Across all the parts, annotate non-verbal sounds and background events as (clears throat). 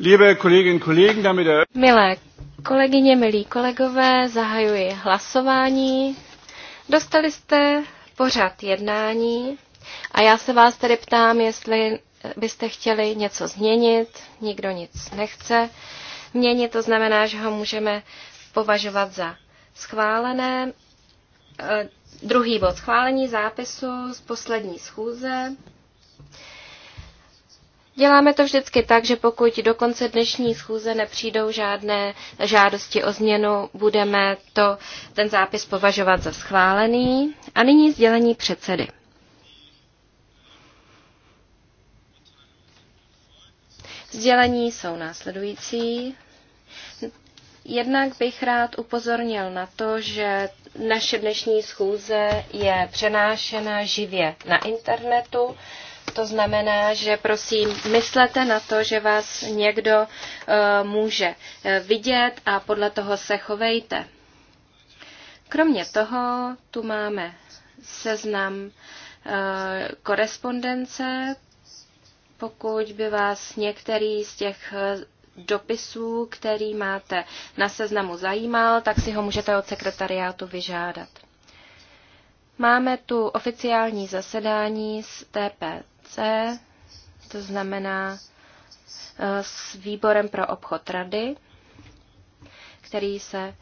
Er- Milé kolegyně, milí kolegové, zahajuji hlasování. Dostali jste pořad jednání a já se vás tedy ptám, jestli byste chtěli něco změnit. Nikdo nic nechce. Měnit to znamená, že ho můžeme považovat za schválené. Eh, druhý bod schválení zápisu z poslední schůze. Děláme to vždycky tak, že pokud do konce dnešní schůze nepřijdou žádné žádosti o změnu, budeme to, ten zápis považovat za schválený. A nyní sdělení předsedy. Sdělení jsou následující. Jednak bych rád upozornil na to, že naše dnešní schůze je přenášena živě na internetu. To znamená, že prosím, myslete na to, že vás někdo uh, může eh, vidět a podle toho se chovejte. Kromě toho tu máme seznam uh, korespondence. Pokud by vás některý z těch dopisů, který máte na seznamu zajímal, tak si ho můžete od sekretariátu vyžádat. Máme tu oficiální zasedání z TP, delegace, to znamená eh, s výborem pro obchod rady, který se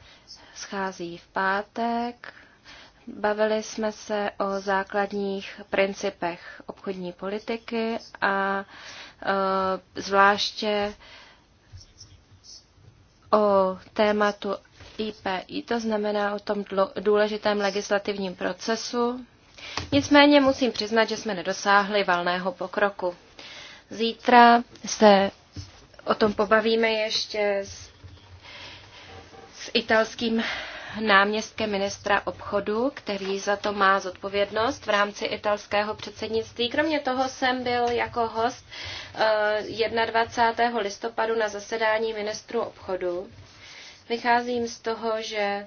schází v pátek. Bavili jsme se o základních principech obchodní politiky a eh, zvláště o tématu IPI, to znamená o tom důležitém legislativním procesu, Nicméně musím přiznat, že jsme nedosáhli valného pokroku. Zítra se o tom pobavíme ještě s, s italským náměstkem ministra obchodu, který za to má zodpovědnost v rámci italského předsednictví. Kromě toho jsem byl jako host 21. Eh, listopadu na zasedání ministru obchodu. Vycházím z toho, že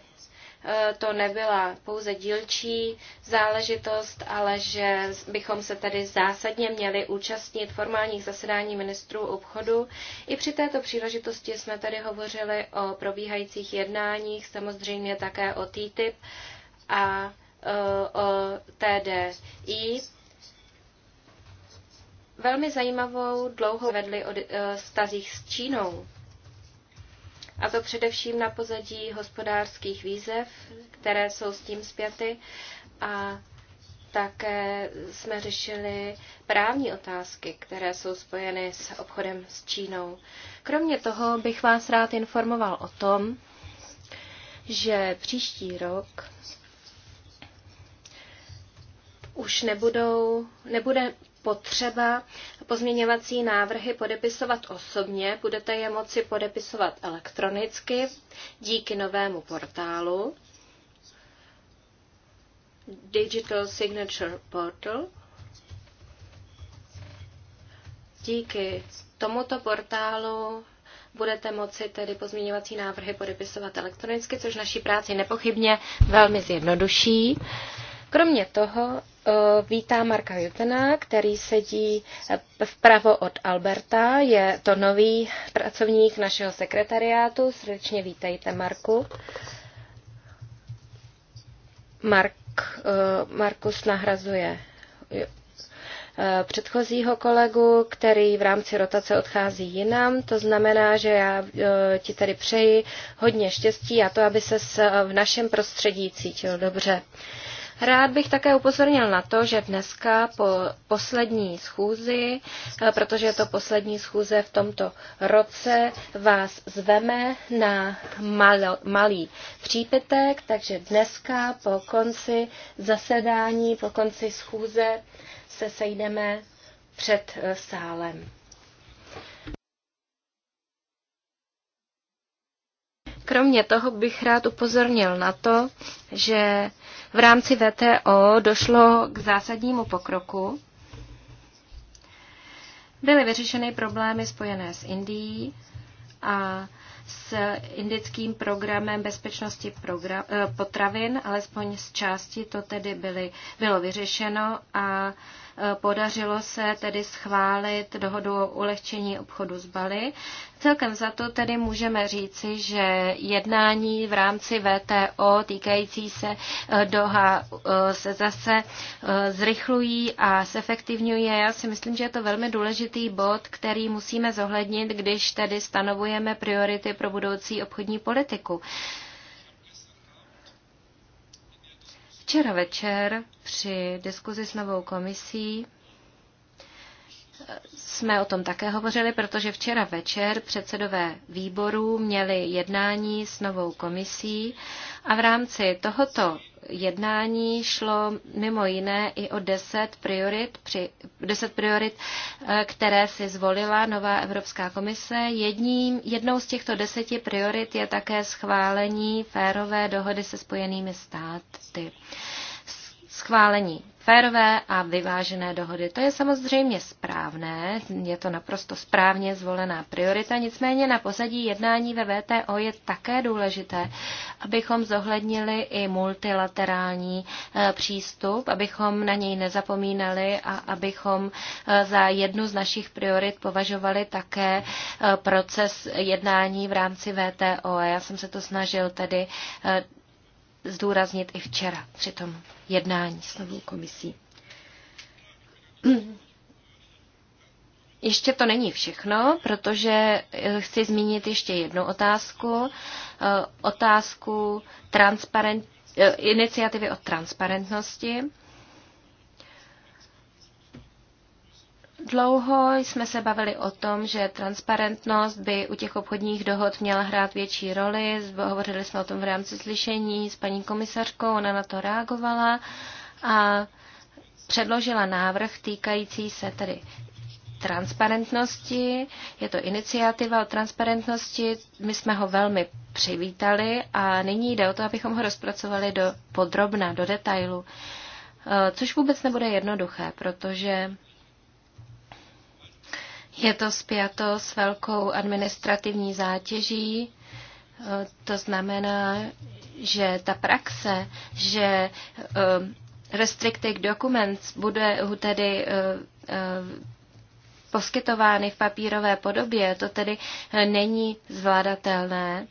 Eh, to nebyla pouze dílčí záležitost, ale že bychom se tady zásadně měli účastnit formálních zasedání ministrů obchodu. I při této příležitosti jsme tady hovořili o probíhajících jednáních, samozřejmě také o TTIP a eh, o TDI. Velmi zajímavou dlouho vedli o stazích eh, s Čínou a to především na pozadí hospodářských výzev, které jsou s tím zpěty a také jsme řešili právní otázky, které jsou spojeny s obchodem s Čínou. Kromě toho bych vás rád informoval o tom, že příští rok už nebudou, nebude potřeba pozměňovací návrhy podepisovat osobně, budete je moci podepisovat elektronicky díky novému portálu Digital Signature Portal. Díky tomuto portálu budete moci tedy pozměňovací návrhy podepisovat elektronicky, což naší práci nepochybně velmi zjednoduší. Kromě toho Eh, vítá Marka Jutena, který sedí eh, vpravo od Alberta. Je to nový pracovník našeho sekretariátu. Srdečně vítejte, Marku. Mark, eh, Markus nahrazuje předchozího kolegu, který v rámci rotace odchází jinam. To znamená, že já ti tady přeji hodně štěstí a to, aby se v našem prostředí cítil dobře. Rád bych také upozornil na to, že dneska po poslední schůzi, eh, protože je to poslední schůze v tomto roce, vás zveme na malo, malý přípitek, takže dneska po konci zasedání, po konci schůze se sejdeme před eh, sálem. Kromě toho bych rád upozornil na to, že v rámci VTO došlo k zásadnímu pokroku. Byly vyřešeny problémy spojené s Indií a s indickým programem bezpečnosti program, eh, potravin, alespoň z části to tedy byly, bylo vyřešeno a Podařilo se tedy schválit dohodu o ulehčení obchodu s Bali. Celkem za to tedy můžeme říci, že jednání v rámci VTO týkající se eh, Doha eh, se zase eh, zrychlují a sefektivňuje. Já si myslím, že je to velmi důležitý bod, který musíme zohlednit, když tedy stanovujeme priority pro budoucí obchodní politiku. Včera večer při diskuzi s novou komisí eh, jsme o tom také hovořili, protože včera večer předsedové výborů měli jednání s novou komisí a v rámci tohoto jednání šlo mimo jiné i o deset priorit, při, deset priorit, eh, které si zvolila nová Evropská komise. Jedním, jednou z těchto deseti priorit je také schválení férové dohody se spojenými státy. Schválení férové a vyvážené dohody. To je samozřejmě správné, je to naprosto správně zvolená priorita, nicméně na pozadí jednání ve VTO je také důležité, abychom zohlednili i multilaterální eh, přístup, abychom na něj nezapomínali a abychom eh, za jednu z našich priorit považovali také eh, proces jednání v rámci VTO. Já jsem se to snažil tedy zdůraznit i včera při tom jednání s novou komisí. Ještě to není všechno, protože eh, chci zmínit ještě jednu otázku. Eh, otázku transparent, eh, iniciativy o transparentnosti. Dlouho jsme se bavili o tom, že transparentnost by u těch obchodních dohod měla hrát větší roli. Hovořili jsme o tom v rámci slyšení s paní komisařkou, ona na to reagovala a předložila návrh týkající se tedy transparentnosti. Je to iniciativa o transparentnosti, my jsme ho velmi přivítali a nyní jde o to, abychom ho rozpracovali do podrobna, do detailu, e, což vůbec nebude jednoduché, protože je to spjato s velkou administrativní zátěží, eh, to znamená, že ta praxe, že eh, restricted documents bude tedy eh, poskytovány v papírové podobě, to tedy není zvládatelné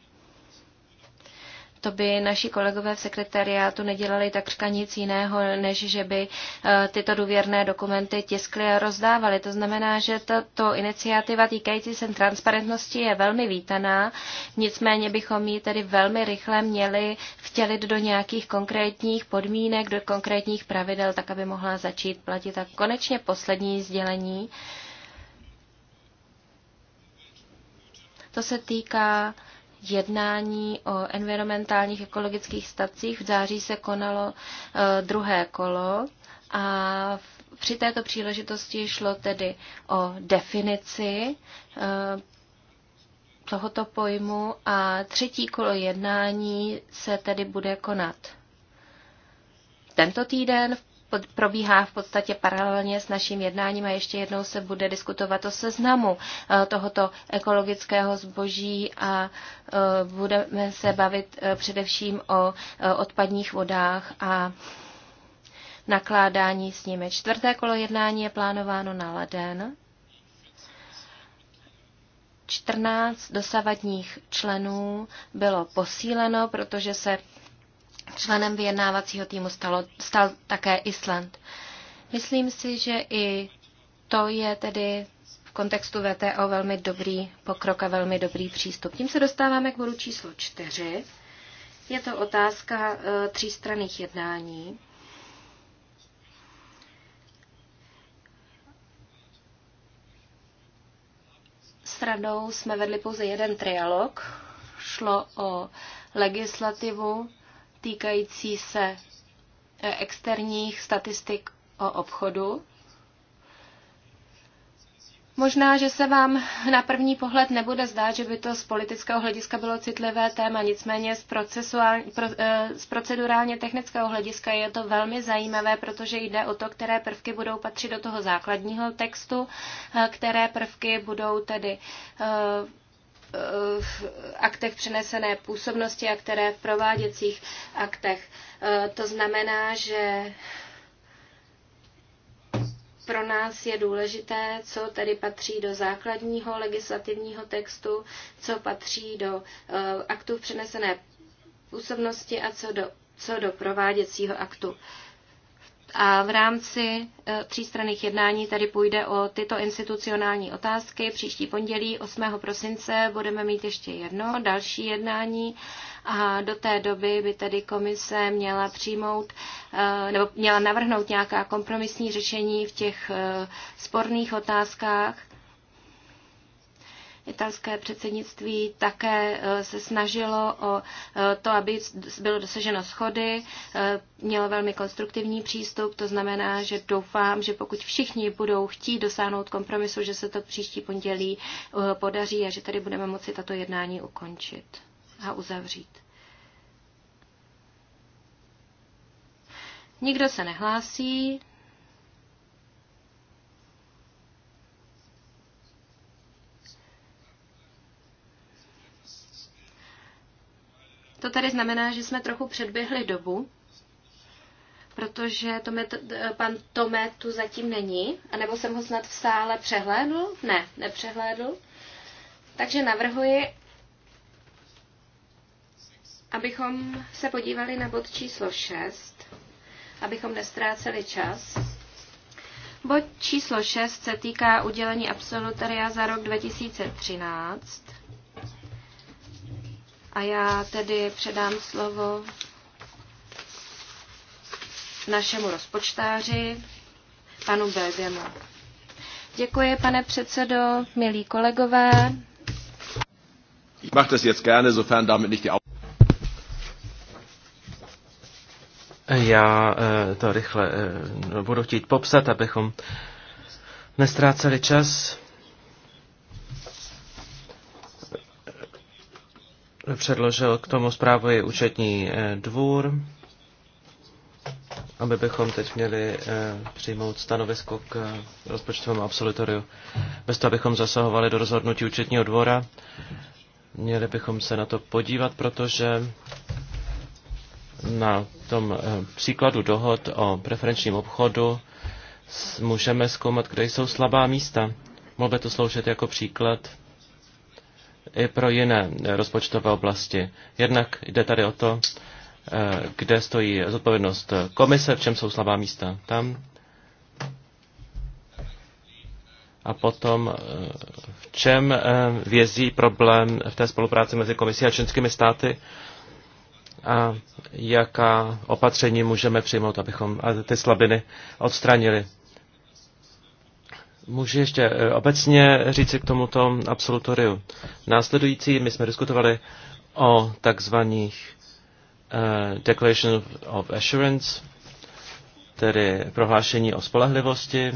to by naši kolegové v sekretariátu nedělali takřka nic jiného, než že by eh, tyto důvěrné dokumenty tiskly a rozdávali. To znamená, že tato iniciativa týkající se transparentnosti je velmi vítaná, nicméně bychom ji tedy velmi rychle měli vtělit do nějakých konkrétních podmínek, do konkrétních pravidel, tak aby mohla začít platit. A konečně poslední sdělení. To se týká jednání o environmentálních ekologických stacích. V září se konalo eh, druhé kolo a při této příležitosti šlo tedy o definici eh, tohoto pojmu a třetí kolo jednání se tedy bude konat tento týden v pod, probíhá v podstatě paralelně s naším jednáním a ještě jednou se bude diskutovat o seznamu eh, tohoto ekologického zboží a eh, budeme se bavit eh, především o odpadních vodách a nakládání s nimi. Čtvrté kolo jednání je plánováno na leden. 14 dosavadních členů bylo posíleno, protože se Členem vyjednávacího týmu stalo, stal také Island. Myslím si, že i to je tedy v kontextu VTO velmi dobrý pokrok a velmi dobrý přístup. Tím se dostáváme k bodu číslo čtyři. Je to otázka uh, třístranných jednání. S radou jsme vedli pouze jeden trialog. Šlo o legislativu týkající se eh, externích statistik o obchodu. Možná, že se vám na první pohled nebude zdát, že by to z politického hlediska bylo citlivé téma, nicméně z, pro, eh, z procedurálně technického hlediska je to velmi zajímavé, protože jde o to, které prvky budou patřit do toho základního textu, eh, které prvky budou tedy aktech přenesené působnosti a které v prováděcích aktech. E, to znamená, že pro nás je důležité, co tedy patří do základního legislativního textu, co patří do e, aktů přenesené působnosti a co do, co do prováděcího aktu. A v rámci e, třístranných jednání tady půjde o tyto institucionální otázky. Příští pondělí 8. prosince budeme mít ještě jedno další jednání a do té doby by tedy komise měla přijmout e, nebo měla navrhnout nějaká kompromisní řešení v těch e, sporných otázkách Italské předsednictví také e, se snažilo o e, to, aby bylo dosaženo schody, e, mělo velmi konstruktivní přístup, to znamená, že doufám, že pokud všichni budou chtít dosáhnout kompromisu, že se to příští pondělí podaří a že tady budeme moci tato jednání ukončit a uzavřít. Nikdo se nehlásí, To tady znamená, že jsme trochu předběhli dobu, protože Tome, pan Tome tu zatím není, anebo jsem ho snad v sále přehlédl? Ne, nepřehlédl. Takže navrhuji, abychom se podívali na bod číslo 6, abychom nestráceli čas. Bod číslo 6 se týká udělení absolutaria za rok 2013. A já tedy předám slovo našemu rozpočtáři, panu Belgemu. Děkuji, pane předsedo, milí kolegové. Ich mache das jetzt gerne, sofern damit nicht die Já eh, to rychle eh, budu chtít popsat, abychom nestráceli čas. Předložil k tomu zprávu i účetní eh, dvůr, aby bychom teď měli eh, přijmout stanovisko k eh, rozpočtovému absolutoriu. Bez toho, abychom zasahovali do rozhodnutí účetního dvora, měli bychom se na to podívat, protože na tom příkladu dohod o preferenčním obchodu můžeme zkoumat, kde jsou slabá místa. Mohl by to sloužit jako příklad i pro jiné rozpočtové oblasti. Jednak jde tady o to, eh, kde stojí zodpovědnost komise, v čem jsou slabá místa tam. A potom, eh, v čem eh, vězí problém v té spolupráci mezi komisí a členskými státy a jaká opatření můžeme přijmout, abychom ty slabiny odstranili. Můžu ještě eh, obecně říct k tomuto absolutoriu. Následující, my jsme diskutovali o takzvaných uh, Declaration of Assurance, tedy prohlášení o spolehlivosti.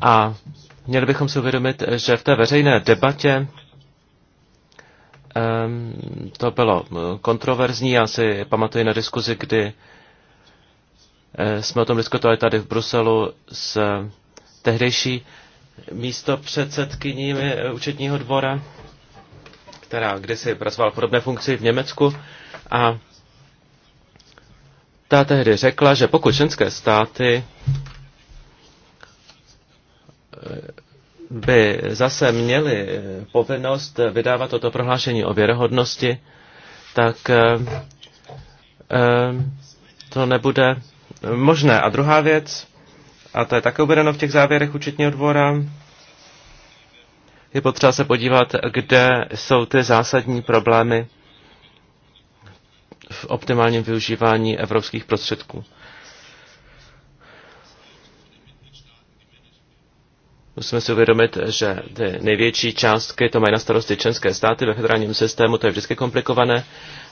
A měli bychom si uvědomit, že v té veřejné debatě um, to bylo eh, kontroverzní. Já si pamatuju na diskuzi, kdy Eh, jsme o tom diskutovali tady v Bruselu s eh, tehdejší místo předsedkyní eh, účetního dvora, která kdysi pracovala v podobné funkci v Německu a ta tehdy řekla, že pokud členské státy by zase měly povinnost vydávat toto prohlášení o věrohodnosti, tak to nebude možné. A druhá věc, a to je také uvedeno v těch závěrech účetního dvora, je potřeba se podívat, kde jsou ty zásadní problémy v optimálním využívání evropských prostředků. Musíme si uvědomit, že ty největší částky to mají na starosti členské státy, ve federálním systému to je vždycky komplikované,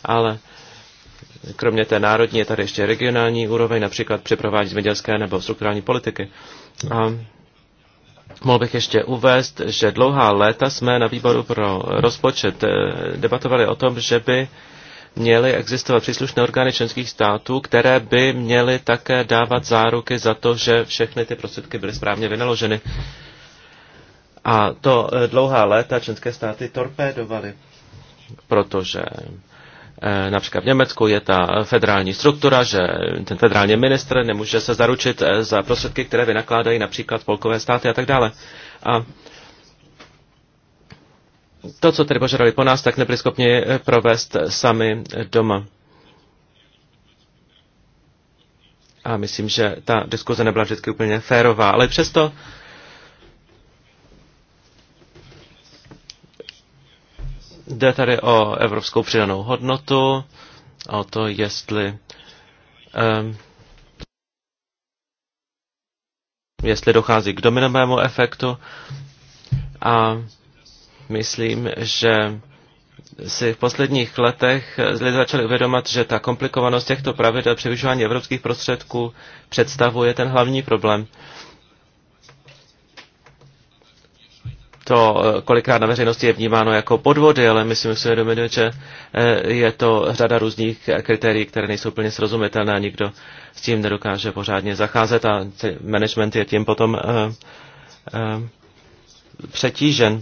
ale Kromě té národní je tady ještě regionální úroveň, například při provádění zemědělské nebo strukturální politiky. A mohl bych ještě uvést, že dlouhá léta jsme na výboru pro rozpočet eh, debatovali o tom, že by měly existovat příslušné orgány členských států, které by měly také dávat záruky za to, že všechny ty prostředky byly správně vynaloženy. A to eh, dlouhá léta členské státy torpédovaly, protože Eh, například v Německu je ta federální struktura, že ten federální ministr nemůže se zaručit eh, za prostředky, které vynakládají například spolkové státy a tak dále. A to, co tedy požadovali po nás, tak nebyli schopni eh, provést sami doma. A myslím, že ta diskuze nebyla vždycky úplně férová, ale přesto Jde tady o evropskou přidanou hodnotu a o to, jestli um, jestli dochází k dominovému efektu a myslím, že si v posledních letech lidé začali uvědomat, že ta komplikovanost těchto pravidel při využívání evropských prostředků představuje ten hlavní problém. to eh, kolikrát na veřejnosti je vnímáno jako podvody, ale my si musíme domenit, že eh, je to řada různých kritérií, které nejsou plně srozumitelné a nikdo s tím nedokáže pořádně zacházet a management je tím potom eh, přetížen.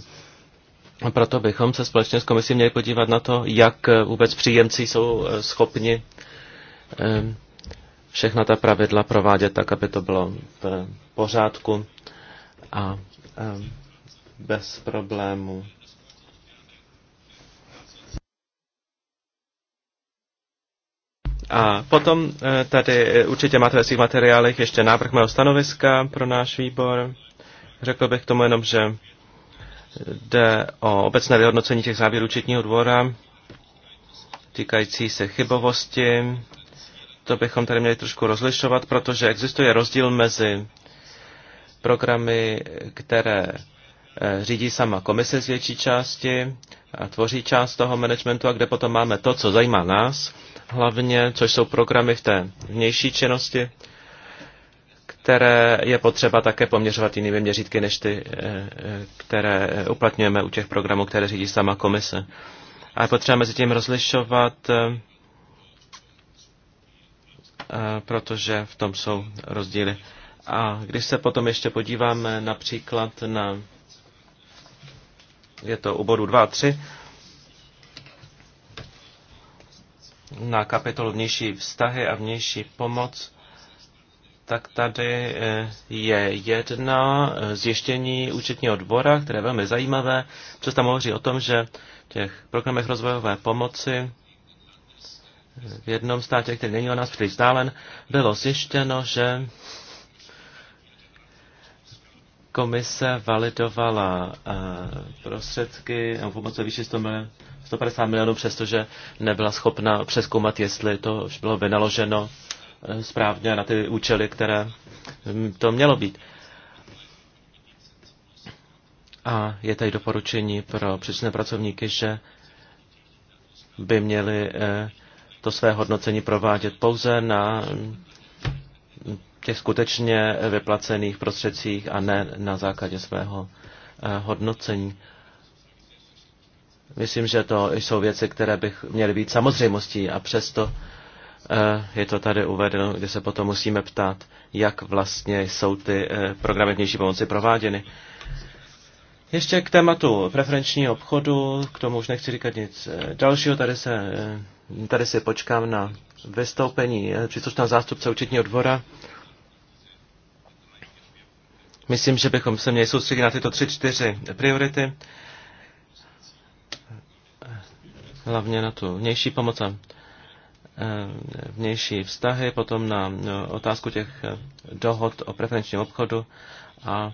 A proto bychom se společně s komisí měli podívat na to, jak vůbec příjemci jsou schopni všechna ta pravidla provádět tak, aby to bylo v pořádku a bez problému. A potom eh, tady eh, určitě máte ve svých materiálech ještě návrh mého stanoviska pro náš výbor. Řekl bych k tomu jenom, že jde o obecné vyhodnocení těch závěrů účetního dvora týkající se chybovosti. To bychom tady měli trošku rozlišovat, protože existuje rozdíl mezi programy, které Eh, řídí sama komise z větší části a tvoří část toho managementu a kde potom máme to, co zajímá nás hlavně, což jsou programy v té vnější činnosti, které je potřeba také poměřovat jinými měřítky než ty, eh, eh, které uplatňujeme u těch programů, které řídí sama komise. A je potřeba mezi tím rozlišovat, protože v tom jsou rozdíly. A když se potom ještě podíváme například na je to u bodu 2 a 3. Na kapitolu vnější vztahy a vnější pomoc tak tady eh, je jedna eh, zjištění účetního dvora, které je velmi zajímavé, což tam hovoří o tom, že v těch programech rozvojové pomoci eh, v jednom státě, který není o nás příliš vzdálen, bylo zjištěno, že komise validovala eh, prostředky nebo pomoc výši 100 milion, 150 milionů, přestože nebyla schopna přeskoumat, jestli to už bylo vynaloženo eh, správně na ty účely, které hm, to mělo být. A je tady doporučení pro příslušné pracovníky, že by měli eh, to své hodnocení provádět pouze na těch skutečně vyplacených prostředcích a ne na základě svého eh, hodnocení. Myslím, že to jsou věci, které bych měly být samozřejmostí a přesto eh, je to tady uvedeno, kde se potom musíme ptát, jak vlastně jsou ty eh, programy vnější pomoci prováděny. Ještě k tématu preferenčního obchodu, k tomu už nechci říkat nic dalšího, tady, se, tady si počkám na vystoupení příslušného zástupce účetního dvora. Myslím, že bychom se měli soustředit na tyto tři, čtyři priority. Hlavně na tu vnější pomoc a e, vnější vztahy, potom na e, otázku těch e, dohod o preferenčním obchodu a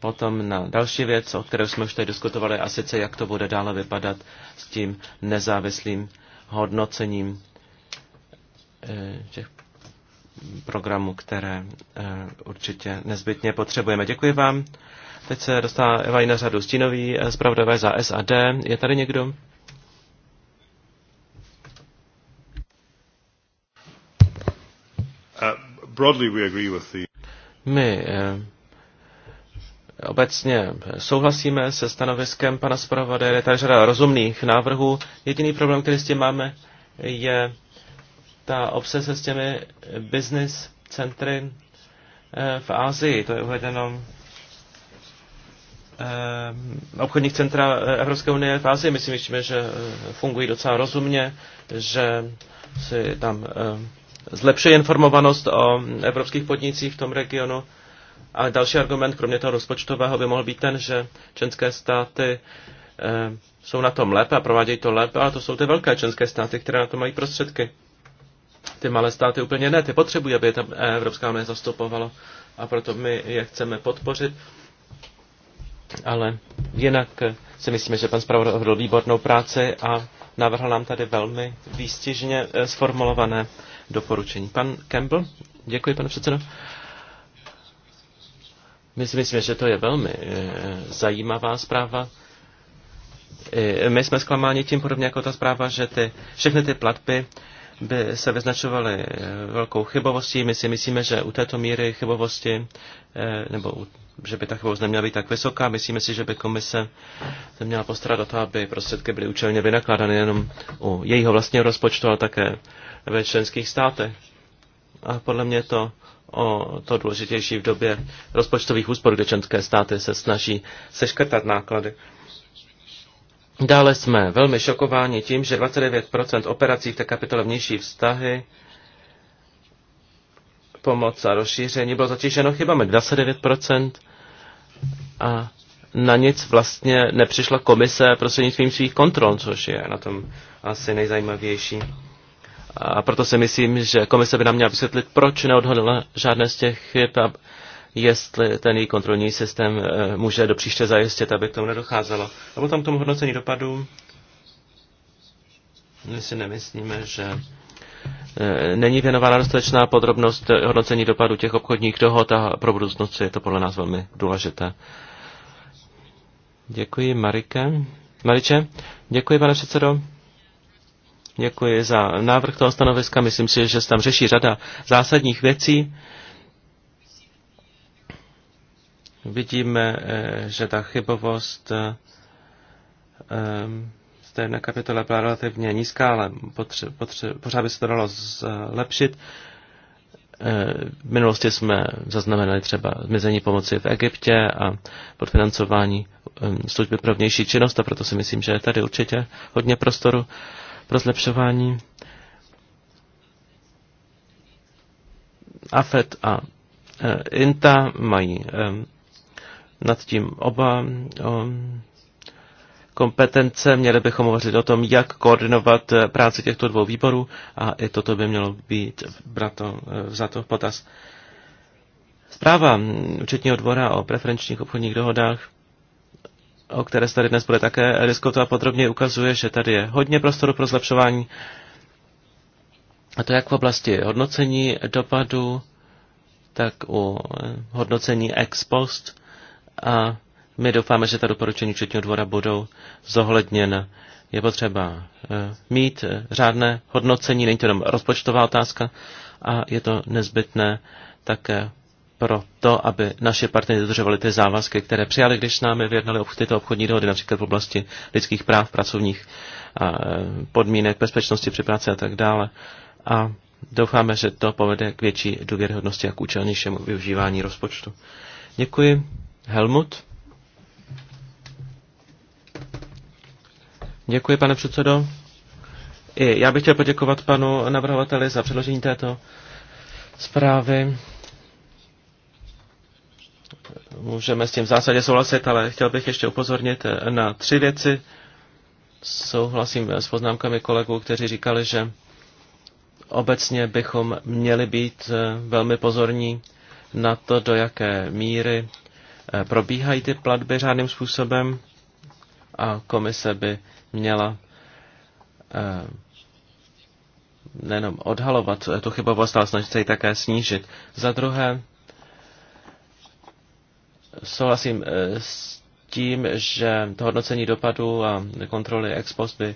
potom na další věc, o které jsme už tady diskutovali, a sice jak to bude dále vypadat s tím nezávislým hodnocením těch Programu, které eh, určitě nezbytně potřebujeme. Děkuji vám. Teď se Eva na řadu stínový eh, zpravodajové za SAD. Je tady někdo? Uh, broadly we agree with My eh, obecně souhlasíme se stanoviskem pana zpravodaje, je tady řada rozumných návrhů. Jediný problém, který s tím máme, je ta obsese s těmi business centry eh, v Ázii, to je uvedeno eh, obchodních centra eh, Evropské unie v Ázii. Myslím, že fungují docela rozumně, že si tam zlepšuje informovanost o evropských podnicích v tom regionu. A další argument, kromě toho rozpočtového, by mohl být ten, že členské státy jsou na tom lépe a provádějí to lépe, ale to jsou ty velké členské státy, které na to mají prostředky. Ty malé státy úplně ne, ty potřebují, aby je tam Evropská unie zastupovala a proto my je chceme podpořit. Ale jinak eh, si myslíme, že pan zpravodaj odvedl výbornou práci a navrhl nám tady velmi výstižně eh, sformulované doporučení. Pan Campbell, děkuji, pane předsedo. My si myslíme, že to je velmi eh, zajímavá zpráva. my jsme zklamáni tím podobně jako ta zpráva, že ty, všechny ty platby by se vyznačovaly eh, velkou chybovostí. My si myslíme, že u této míry chybovosti, eh, nebo že by ta chybovost neměla být tak vysoká, myslíme si, že by komise se měla postarat o to, aby prostředky byly účelně vynakládány jenom u jejího vlastního rozpočtu, ale také ve členských státech. A podle mě to o to důležitější v době rozpočtových úspor, kde členské státy se snaží seškrtat náklady. Dále jsme velmi šokováni tím, že 29% operací v té kapitole vnější vztahy pomoc a rozšíření bylo zatíženo chybami 29% a na nic vlastně nepřišla komise prostřednictvím svých kontrol, což je na tom asi nejzajímavější. A proto si myslím, že komise by nám měla vysvětlit, proč neodhodla žádné z těch chyb a jestli ten její kontrolní systém eh, může do příště zajistit, aby k tomu nedocházelo. A potom k tomu hodnocení dopadů my si nemyslíme, že eh, není věnována dostatečná podrobnost eh, hodnocení dopadu těch obchodních dohod a pro budoucnost je to podle nás velmi důležité. Děkuji, Marike. Mariče, děkuji, pane předsedo. Děkuji za návrh toho stanoviska. Myslím si, že se tam řeší řada zásadních věcí. Vidíme, eh, že ta chybovost eh, eh, z té jedné kapitole byla relativně nízká, ale potře- potře- pořád by se to dalo zlepšit. V minulosti jsme zaznamenali třeba zmizení pomoci v Egyptě a podfinancování služby pro vnější činnost a proto si myslím, že je tady určitě hodně prostoru pro zlepšování. AFET a INTA mají nad tím oba kompetence. Měli bychom hovořit o tom, jak koordinovat eh, práci těchto dvou výborů a i toto by mělo být brato, eh, vzato v potaz. Zpráva mm, účetního dvora o preferenčních obchodních dohodách, o které se tady dnes bude také diskutovat podrobně, ukazuje, že tady je hodně prostoru pro zlepšování. A to jak v oblasti hodnocení dopadu, tak u eh, hodnocení ex post a my doufáme, že ta doporučení účetního dvora budou zohledněna. Je potřeba eh, mít eh, řádné hodnocení, není to jenom rozpočtová otázka a je to nezbytné také pro to, aby naše partnery dodržovali ty závazky, které přijali, když s námi vyjednali tyto obchodní dohody, například v oblasti lidských práv, pracovních eh, podmínek, bezpečnosti při práci a tak dále. A doufáme, že to povede k větší důvěryhodnosti a k účelnějšímu využívání rozpočtu. Děkuji. Helmut. Děkuji, pane předsedo. I já bych chtěl poděkovat panu navrhovateli za předložení této zprávy. Můžeme s tím v zásadě souhlasit, ale chtěl bych ještě upozornit na tři věci. Souhlasím s poznámkami kolegů, kteří říkali, že obecně bychom měli být velmi pozorní na to, do jaké míry Eh, probíhají ty platby řádným způsobem a komise by měla eh, nejenom odhalovat eh, tu chybovost, ale snažit se ji také snížit. Za druhé, souhlasím s tím, že to hodnocení dopadu a kontroly ex post by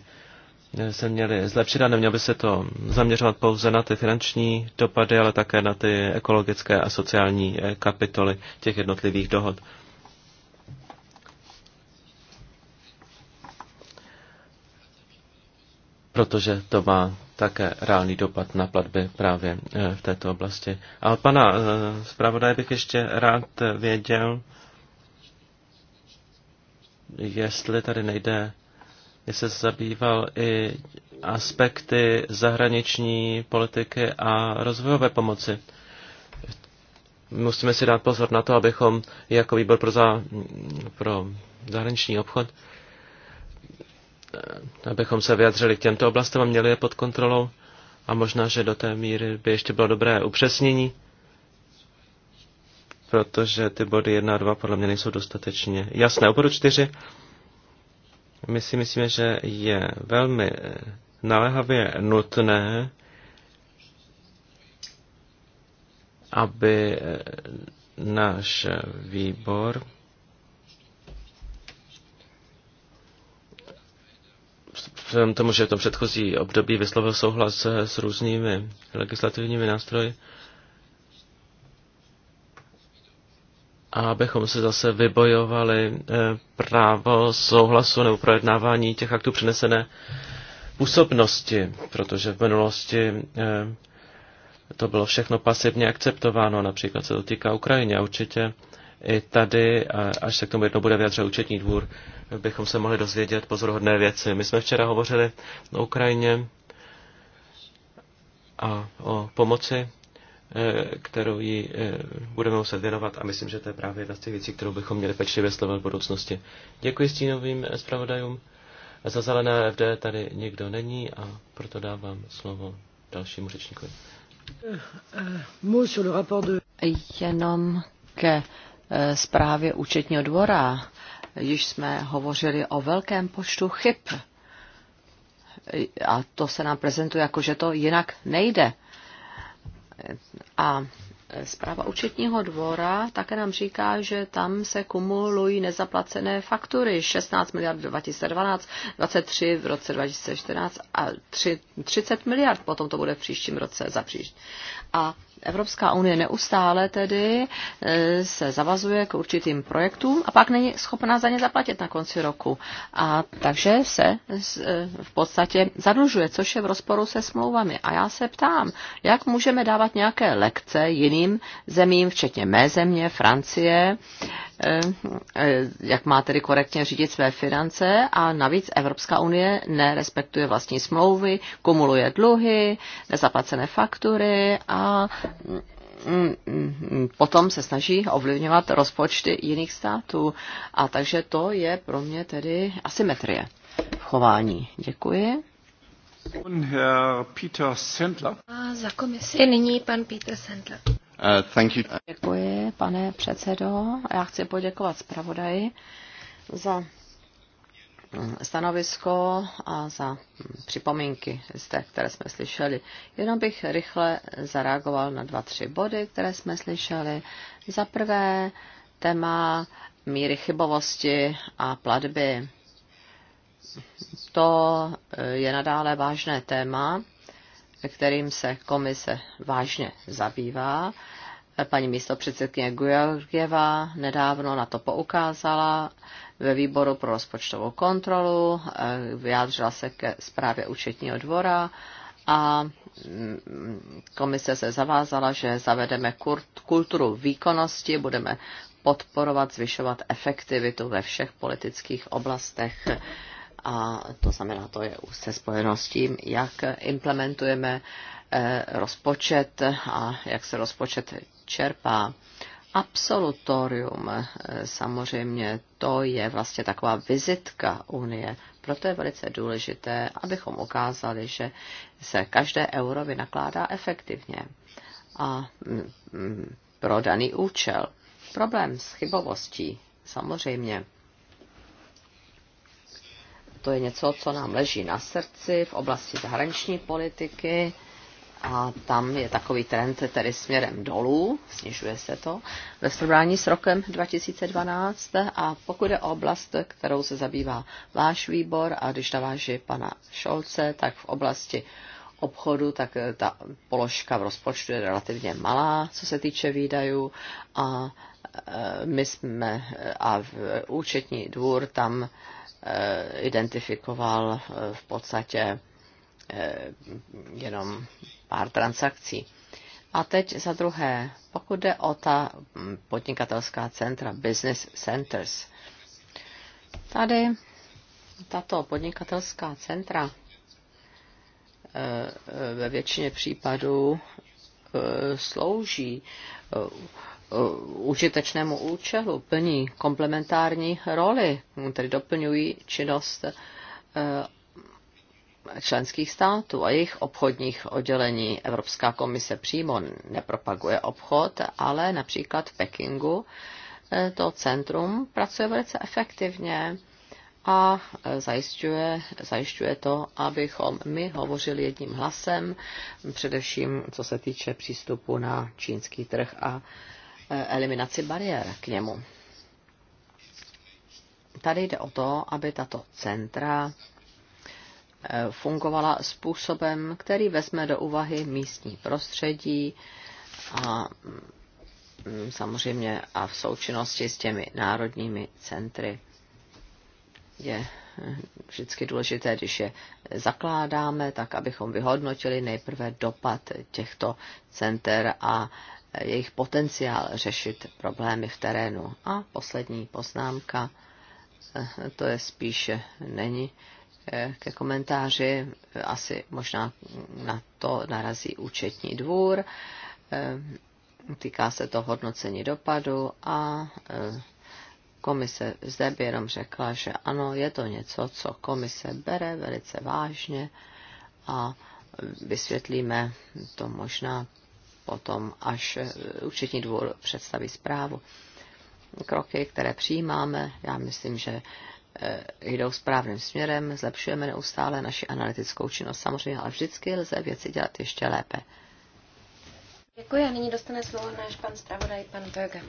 se měly zlepšit a nemělo by se to zaměřovat pouze na ty finanční dopady, ale také na ty ekologické a sociální eh, kapitoly těch jednotlivých dohod. Protože to má také reálný dopad na platby právě eh, v této oblasti. A od pana eh, zpravodaje bych ještě rád věděl, jestli tady nejde kdy se zabýval i aspekty zahraniční politiky a rozvojové pomoci. Musíme si dát pozor na to, abychom jako výbor pro, za, pro zahraniční obchod, abychom se vyjadřili k těmto oblastem a měli je pod kontrolou. A možná, že do té míry by ještě bylo dobré upřesnění, protože ty body 1 a 2 podle mě nejsou dostatečně jasné. U bodu 4 my si myslíme, že je velmi eh, naléhavě nutné, aby eh, náš výbor vzhledem tomu, že v tom předchozí období vyslovil souhlas s různými legislativními nástroji, A abychom si zase vybojovali eh, právo souhlasu nebo projednávání těch aktů přenesené působnosti, protože v minulosti eh, to bylo všechno pasivně akceptováno, například se to týká Ukrajiny a určitě i tady, až se k tomu jednou bude vyjadřovat účetní dvůr, bychom se mohli dozvědět pozoruhodné věci. My jsme včera hovořili o Ukrajině a o pomoci Eh, kterou ji eh, budeme muset věnovat a myslím, že to je právě jedna z těch věcí, kterou bychom měli pečlivě sledovat v budoucnosti. Děkuji stínovým eh, zpravodajům. Za zelené FD tady nikdo není a proto dávám slovo dalšímu řečníkovi. Jenom ke zprávě účetního dvora. Již jsme hovořili o velkém počtu chyb a to se nám prezentuje jako, že to jinak nejde. A zpráva účetního dvora také nám říká, že tam se kumulují nezaplacené faktury 16 miliard 2012, 23 v roce 2014 a 30 miliard potom to bude v příštím roce za příští. A Evropská unie neustále tedy e, se zavazuje k určitým projektům a pak není schopná za ně zaplatit na konci roku. A takže se e, v podstatě zadlužuje, což je v rozporu se smlouvami. A já se ptám, jak můžeme dávat nějaké lekce jiným zemím, včetně mé země, Francie, Eh, eh, jak má tedy korektně řídit své finance a navíc Evropská unie nerespektuje vlastní smlouvy, kumuluje dluhy, nezaplacené faktury a mm, mm, potom se snaží ovlivňovat rozpočty jiných států. A takže to je pro mě tedy asymetrie v chování. Děkuji. Peter A za komisi nyní pan Peter Sendler. Uh, Děkuji, pane předsedo. Já chci poděkovat zpravodaji za stanovisko a za připomínky, zde, které jsme slyšeli. Jenom bych rychle zareagoval na dva, tři body, které jsme slyšeli. Za prvé téma míry chybovosti a platby. To je nadále vážné téma kterým se komise vážně zabývá. Paní místo předsedkyně Georgieva nedávno na to poukázala ve výboru pro rozpočtovou kontrolu, eh, vyjádřila se ke zprávě účetního dvora a mm, komise se zavázala, že zavedeme kulturu výkonnosti, budeme podporovat, zvyšovat efektivitu ve všech politických oblastech a to znamená, to je se spojeno s tím, jak implementujeme eh, rozpočet a jak se rozpočet čerpá. Absolutorium eh, samozřejmě to je vlastně taková vizitka Unie. Proto je velice důležité, abychom ukázali, že se každé euro vynakládá efektivně a mm, mm, pro daný účel. Problém s chybovostí samozřejmě to je něco, co nám leží na srdci v oblasti zahraniční politiky a tam je takový trend tedy směrem dolů, snižuje se to, ve srovnání s rokem 2012 a pokud je oblast, kterou se zabývá váš výbor a když naváží pana Šolce, tak v oblasti obchodu, tak eh, ta položka v rozpočtu je relativně malá, co se týče výdajů a eh, my jsme eh, a v účetní dvůr tam Eh, identifikoval eh, v podstatě eh, jenom pár transakcí. A teď za druhé, pokud jde o ta hm, podnikatelská centra, business centers, tady tato podnikatelská centra ve většině případů slouží Uh, užitečnému účelu, plní komplementární roli, tedy doplňují činnost uh, členských států a jejich obchodních oddělení. Evropská komise přímo nepropaguje obchod, ale například v Pekingu uh, to centrum pracuje velice efektivně a zajišťuje, zajišťuje to, abychom my hovořili jedním hlasem, především co se týče přístupu na čínský trh a eliminaci bariér k němu. Tady jde o to, aby tato centra eh, fungovala způsobem, který vezme do úvahy místní prostředí a mm, samozřejmě a v součinnosti s těmi národními centry je eh, vždycky důležité, když je zakládáme, tak abychom vyhodnotili nejprve dopad těchto center a jejich potenciál řešit problémy v terénu. A poslední poznámka, eh, to je spíše eh, není eh, ke komentáři, asi možná na to narazí účetní dvůr, týká se to hodnocení dopadu a komise zde by jenom řekla, že ano, je to něco, co komise bere velice vážně a vysvětlíme to možná potom, až eh, účetní dvůr představí zprávu. Kroky, které přijímáme, já myslím, že eh, jdou správným směrem, zlepšujeme neustále naši analytickou činnost samozřejmě, ale vždycky lze věci dělat ještě lépe. Děkuji a nyní dostane slovo náš pan zpravodaj, pan Böge.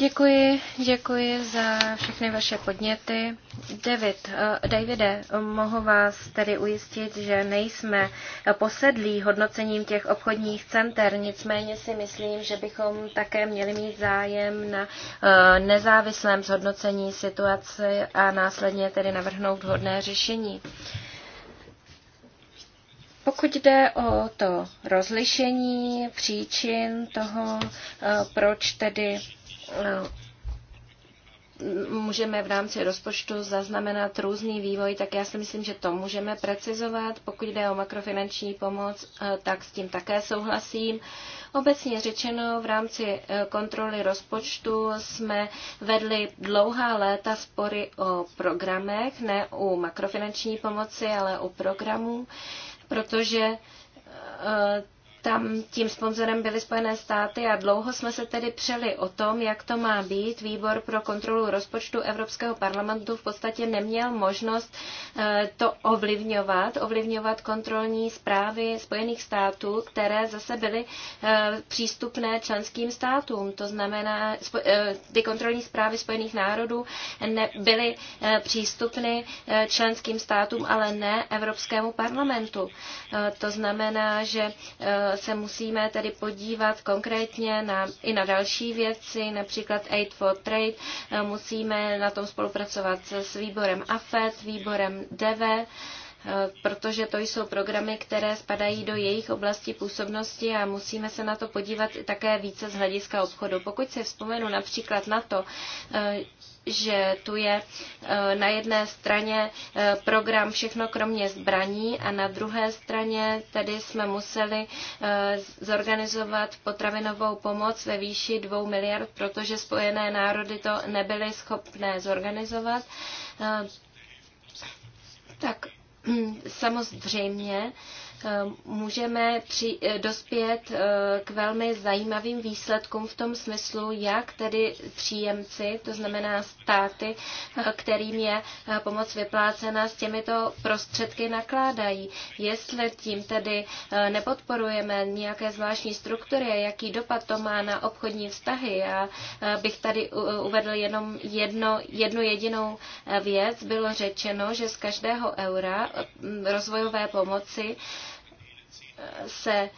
Děkuji, děkuji za všechny vaše podněty. David, eh, Davide, mohu vás tedy ujistit, že nejsme posedlí hodnocením těch obchodních center, nicméně si myslím, že bychom také měli mít zájem na eh, nezávislém zhodnocení situace a následně tedy navrhnout vhodné řešení. Pokud jde o to rozlišení příčin toho, eh, proč tedy Eh, můžeme v rámci rozpočtu zaznamenat různý vývoj, tak já si myslím, že to můžeme precizovat. Pokud jde o makrofinanční pomoc, eh, tak s tím také souhlasím. Obecně řečeno, v rámci eh, kontroly rozpočtu jsme vedli dlouhá léta spory o programech, ne u makrofinanční pomoci, ale u programů, protože tam tím sponzorem byly Spojené státy a dlouho jsme se tedy přeli o tom, jak to má být. Výbor pro kontrolu rozpočtu Evropského parlamentu v podstatě neměl možnost eh, to ovlivňovat, ovlivňovat kontrolní zprávy Spojených států, které zase byly eh, přístupné členským státům. To znamená, eh, ty kontrolní zprávy Spojených národů byly přístupny členským státům, ale ne Evropskému parlamentu. To znamená, že se musíme tedy podívat konkrétně na, i na další věci, například Aid for Trade. Eh, musíme na tom spolupracovat s výborem AFET, výborem DEVE, eh, protože to jsou programy, které spadají do jejich oblasti působnosti a musíme se na to podívat také více z hlediska obchodu. Pokud se vzpomenu například na to, eh, že tu je e, na jedné straně e, program Všechno kromě zbraní a na druhé straně tedy jsme museli e, zorganizovat potravinovou pomoc ve výši 2 miliard, protože Spojené národy to nebyly schopné zorganizovat. Tak (clears throat) samozřejmě Eh, můžeme při, eh, dospět eh, k velmi zajímavým výsledkům v tom smyslu, jak tedy příjemci, to znamená státy, kterým je pomoc vyplácena, s těmito prostředky nakládají. Jestli tím tedy nepodporujeme nějaké zvláštní struktury, jaký dopad to má na obchodní vztahy. Já bych tady uvedl jenom jedno, jednu jedinou věc. Bylo řečeno, že z každého eura rozvojové pomoci se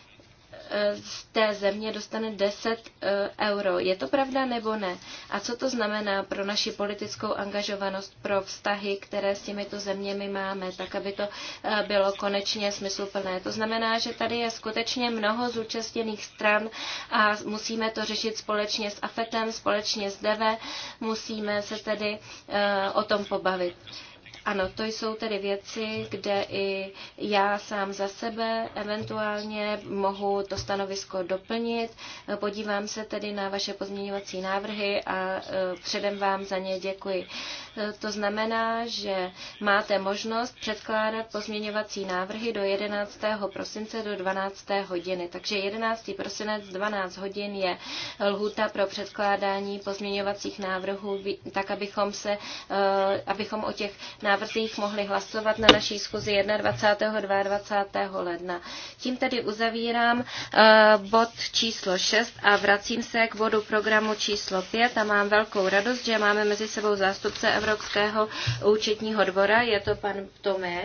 eh, z té země dostane 10 eh, euro. Je to pravda nebo ne? A co to znamená pro naši politickou angažovanost, pro vztahy, které s těmito zeměmi máme, tak aby to eh, bylo konečně smysluplné? To znamená, že tady je skutečně mnoho zúčastněných stran a musíme to řešit společně s AFETem, společně s DEVE, musíme se tedy o tom pobavit. Ano, to jsou tedy věci, kde i já sám za sebe eventuálně mohu to stanovisko doplnit. Podívám se tedy na vaše pozměňovací návrhy a e, předem vám za ně děkuji. E, to znamená, že máte možnost předkládat pozměňovací návrhy do 11. prosince do 12. hodiny. Takže 11. prosinec 12 hodin je lhůta pro předkládání pozměňovacích návrhů, tak abychom, se, e, abychom o těch návrhů návrzích mohli hlasovat na naší schůzi 21. a 22. ledna. Tím tedy uzavírám eh, bod číslo 6 a vracím se k bodu programu číslo 5 a mám velkou radost, že máme mezi sebou zástupce Evropského účetního dvora, je to pan Tomé.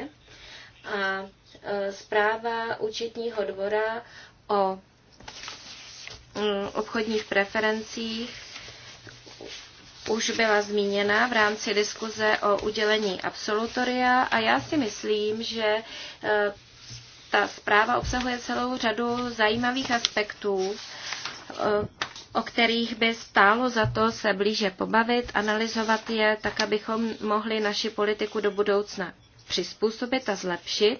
A eh, zpráva účetního dvora o mm, obchodních preferencích už byla zmíněna v rámci diskuze o udělení absolutoria a já si myslím, že e, ta zpráva obsahuje celou řadu zajímavých aspektů, e, o kterých by stálo za to se blíže pobavit, analyzovat je, tak abychom mohli naši politiku do budoucna přizpůsobit a zlepšit.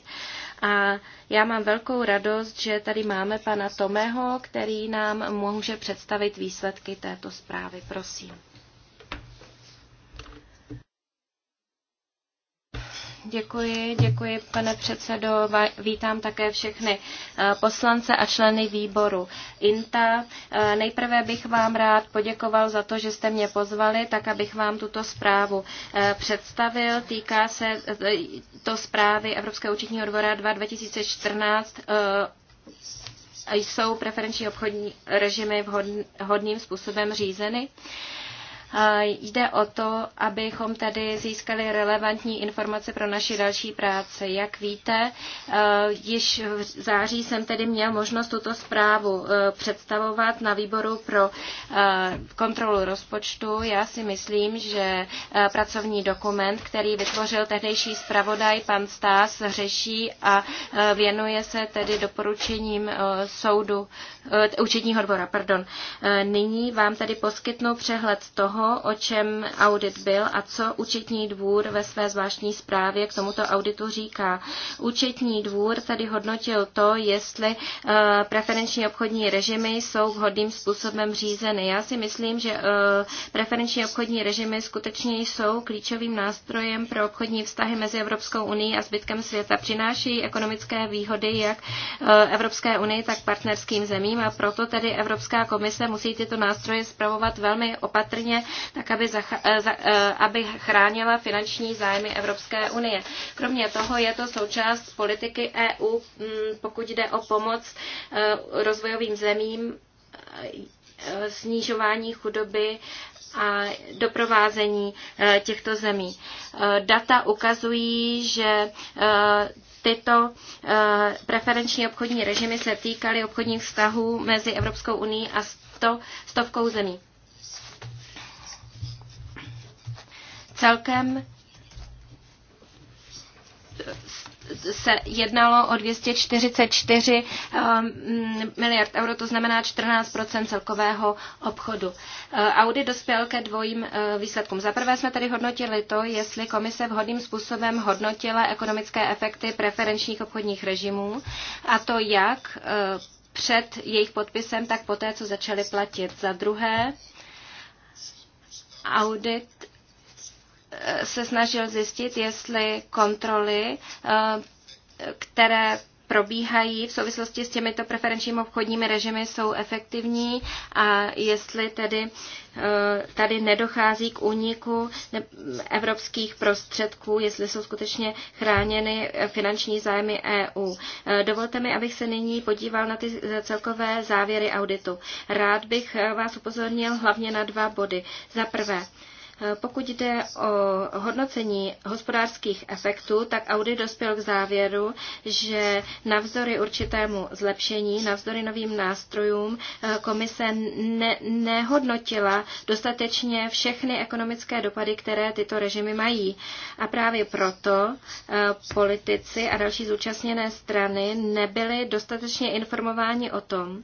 A já mám velkou radost, že tady máme pana Tomého, který nám může představit výsledky této zprávy. Prosím. Děkuji, děkuji, pane předsedo. Vítám také všechny eh, poslance a členy výboru INTA. Eh, nejprve bych vám rád poděkoval za to, že jste mě pozvali, tak abych vám tuto zprávu eh, představil. Týká se to zprávy Evropského účetního dvora 2 2014 jsou preferenční obchodní režimy vhodným způsobem řízeny. Jde o to, abychom tady získali relevantní informace pro naši další práci. Jak víte, eh, již v září jsem tedy měl možnost tuto zprávu eh, představovat na výboru pro eh, kontrolu rozpočtu. Já si myslím, že pracovní dokument, který vytvořil tehdejší zpravodaj pan Stás, řeší a věnuje se tedy doporučením soudu, účetního dvora. Pardon. Nyní vám tedy poskytnu přehled toho, toho, o čem audit byl a co účetní dvůr ve své zvláštní zprávě k tomuto auditu říká. Účetní dvůr tady hodnotil to, jestli eh, preferenční obchodní režimy jsou vhodným způsobem řízeny. Já si myslím, že eh, preferenční obchodní režimy skutečně jsou klíčovým nástrojem pro obchodní vztahy mezi Evropskou unii a zbytkem světa. Přináší ekonomické výhody jak eh, Evropské unii, tak partnerským zemím a proto tedy Evropská komise musí tyto nástroje zpravovat velmi opatrně, tak aby, zacha, eh, za, eh, aby chránila finanční zájmy Evropské unie. Kromě toho je to součást politiky EU, mm, pokud jde o pomoc eh, rozvojovým zemím, snižování chudoby a doprovázení těchto zemí. Data ukazují, že tyto preferenční obchodní režimy se týkaly obchodních vztahů mezi Evropskou unii a stovkou zemí. Celkem se jednalo o 244 ehm, miliard euro, to znamená 14 celkového obchodu. Eh, audit dospěl ke dvojím eh, výsledkům. Za prvé jsme tady hodnotili to, jestli komise vhodným způsobem hodnotila ekonomické efekty preferenčních obchodních režimů a to jak eh, před jejich podpisem, tak poté, co začaly platit. Za druhé, audit se snažil zjistit, jestli kontroly, eh, které probíhají v souvislosti s těmito preferenčními obchodními režimy, jsou efektivní a jestli tedy eh, tady nedochází k úniku evropských prostředků, jestli jsou skutečně chráněny finanční zájmy EU. Eh, dovolte mi, abych se nyní podíval na ty celkové závěry auditu. Rád bych vás upozornil hlavně na dva body. Za prvé, pokud jde o hodnocení hospodářských efektů, tak audit dospěl k závěru, že navzdory určitému zlepšení, navzdory novým nástrojům, eh, komise ne- nehodnotila dostatečně všechny ekonomické dopady, které tyto režimy mají. A právě proto eh, politici a další zúčastněné strany nebyli dostatečně informováni o tom,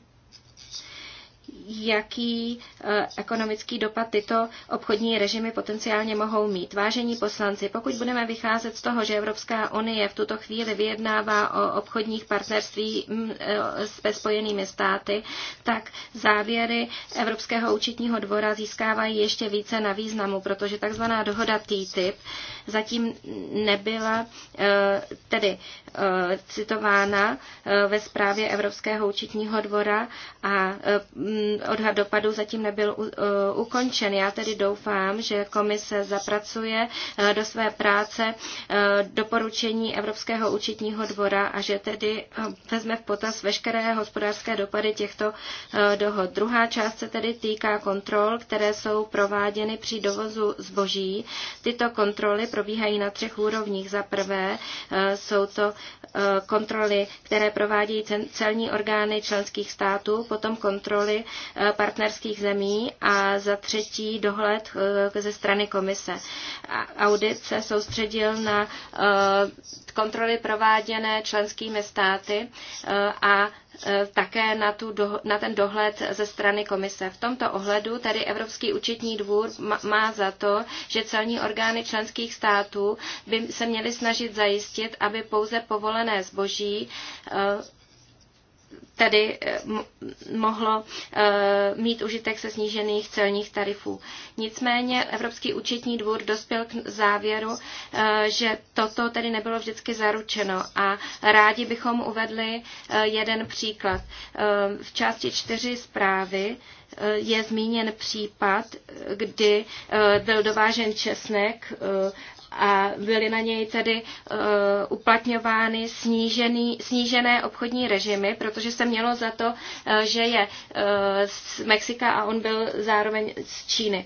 jaký eh, ekonomický dopad tyto obchodní režimy potenciálně mohou mít. Vážení poslanci, pokud budeme vycházet z toho, že Evropská unie v tuto chvíli vyjednává o obchodních partnerství mm, eh, s Spojenými státy, tak závěry Evropského účetního dvora získávají ještě více na významu, protože tzv. dohoda TTIP zatím nebyla eh, tedy citována ve zprávě Evropského účetního dvora a mm, odhad dopadu zatím nebyl uh, ukončen. Já tedy doufám, že komise zapracuje uh, do své práce uh, doporučení Evropského účetního dvora a že tedy vezme v potaz veškeré hospodářské dopady těchto dohod. Druhá část se tedy týká kontrol, které jsou prováděny při dovozu zboží. Tyto kontroly probíhají na třech úrovních. Za prvé jsou to Eh, kontroly, které provádějí celní orgány členských států, potom kontroly eh, partnerských zemí a za třetí dohled eh, ze strany komise. Audit se soustředil na kontroly prováděné členskými státy a E, také na, tu, na ten dohled ze strany komise. V tomto ohledu tedy Evropský účetní dvůr má za to, že celní orgány členských států by se měly snažit zajistit, aby pouze povolené zboží e, tedy eh, mohlo eh, mít užitek se snížených celních tarifů. Nicméně Evropský účetní dvůr dospěl k závěru, eh, že toto tedy nebylo vždycky zaručeno a rádi bychom uvedli jeden příklad. V části čtyři zprávy je zmíněn případ, kdy byl dovážen česnek a byly na něj tedy uh, uplatňovány snížený, snížené obchodní režimy, protože se mělo za to, uh, že je uh, z Mexika a on byl zároveň z Číny.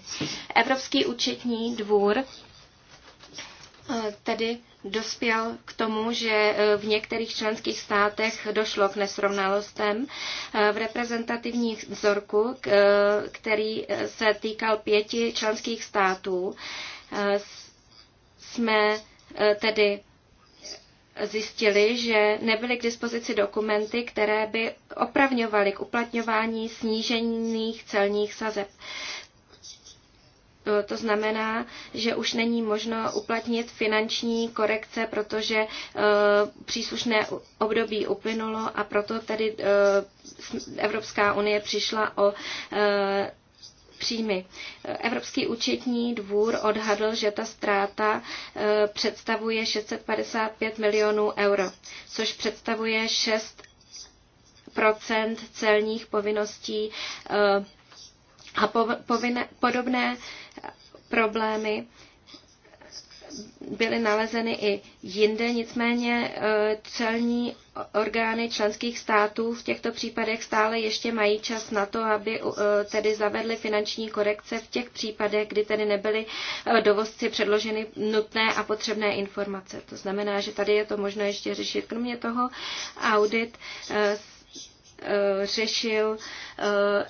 Evropský účetní dvůr uh, tedy dospěl k tomu, že v některých členských státech došlo k nesrovnalostem v reprezentativním vzorku, který se týkal pěti členských států jsme eh, tedy zjistili, že nebyly k dispozici dokumenty, které by opravňovaly k uplatňování snížených celních sazeb. Eh, to znamená, že už není možno uplatnit finanční korekce, protože eh, příslušné období uplynulo a proto tedy Evropská unie přišla o příjmy. Evropský účetní dvůr odhadl, že ta ztráta eh, představuje 655 milionů euro, což představuje 6 celních povinností eh, a podobné problémy byly nalezeny i jinde, nicméně e, celní orgány členských států v těchto případech stále ještě mají čas na to, aby e, tedy zavedly finanční korekce v těch případech, kdy tedy nebyly e, dovozci předloženy nutné a potřebné informace. To znamená, že tady je to možno ještě řešit. Kromě toho audit řešil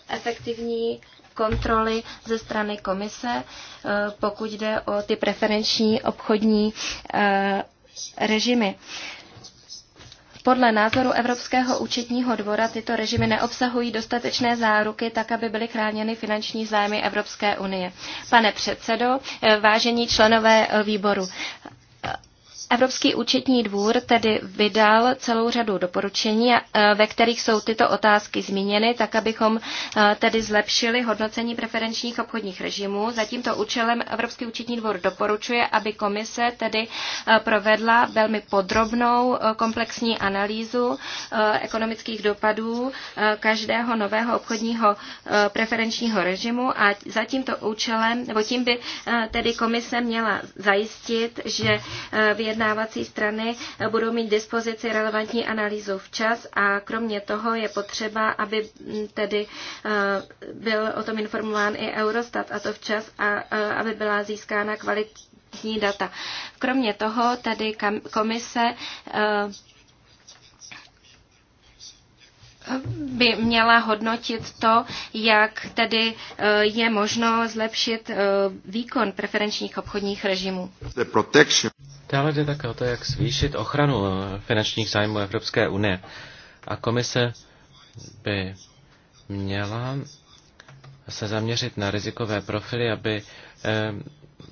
efektivní kontroly ze strany komise, eh, pokud jde o ty preferenční obchodní eh, režimy. Podle názoru Evropského účetního dvora tyto režimy neobsahují dostatečné záruky, tak aby byly chráněny finanční zájmy Evropské unie. Pane předsedo, eh, vážení členové výboru, Evropský účetní dvůr tedy vydal celou řadu doporučení, e, ve kterých jsou tyto otázky zmíněny, tak abychom e, tedy zlepšili hodnocení preferenčních obchodních režimů. Za tímto účelem Evropský účetní dvůr doporučuje, aby komise tedy e, provedla velmi podrobnou komplexní analýzu ekonomických dopadů každého nového obchodního preferenčního režimu a za tímto účelem, nebo tím by tedy komise měla zajistit, že vědomí vyjednávací strany budou mít dispozici relevantní analýzu včas a kromě toho je potřeba, aby tedy eh, byl o tom informován i Eurostat a to včas a eh, aby byla získána kvalitní data. Kromě toho tedy komise eh, by měla hodnotit to, jak tedy eh, je možno zlepšit eh, výkon preferenčních obchodních režimů. Dále jde také o to, jak zvýšit ochranu eh, finančních zájmů Evropské unie. A komise by měla se zaměřit na rizikové profily, aby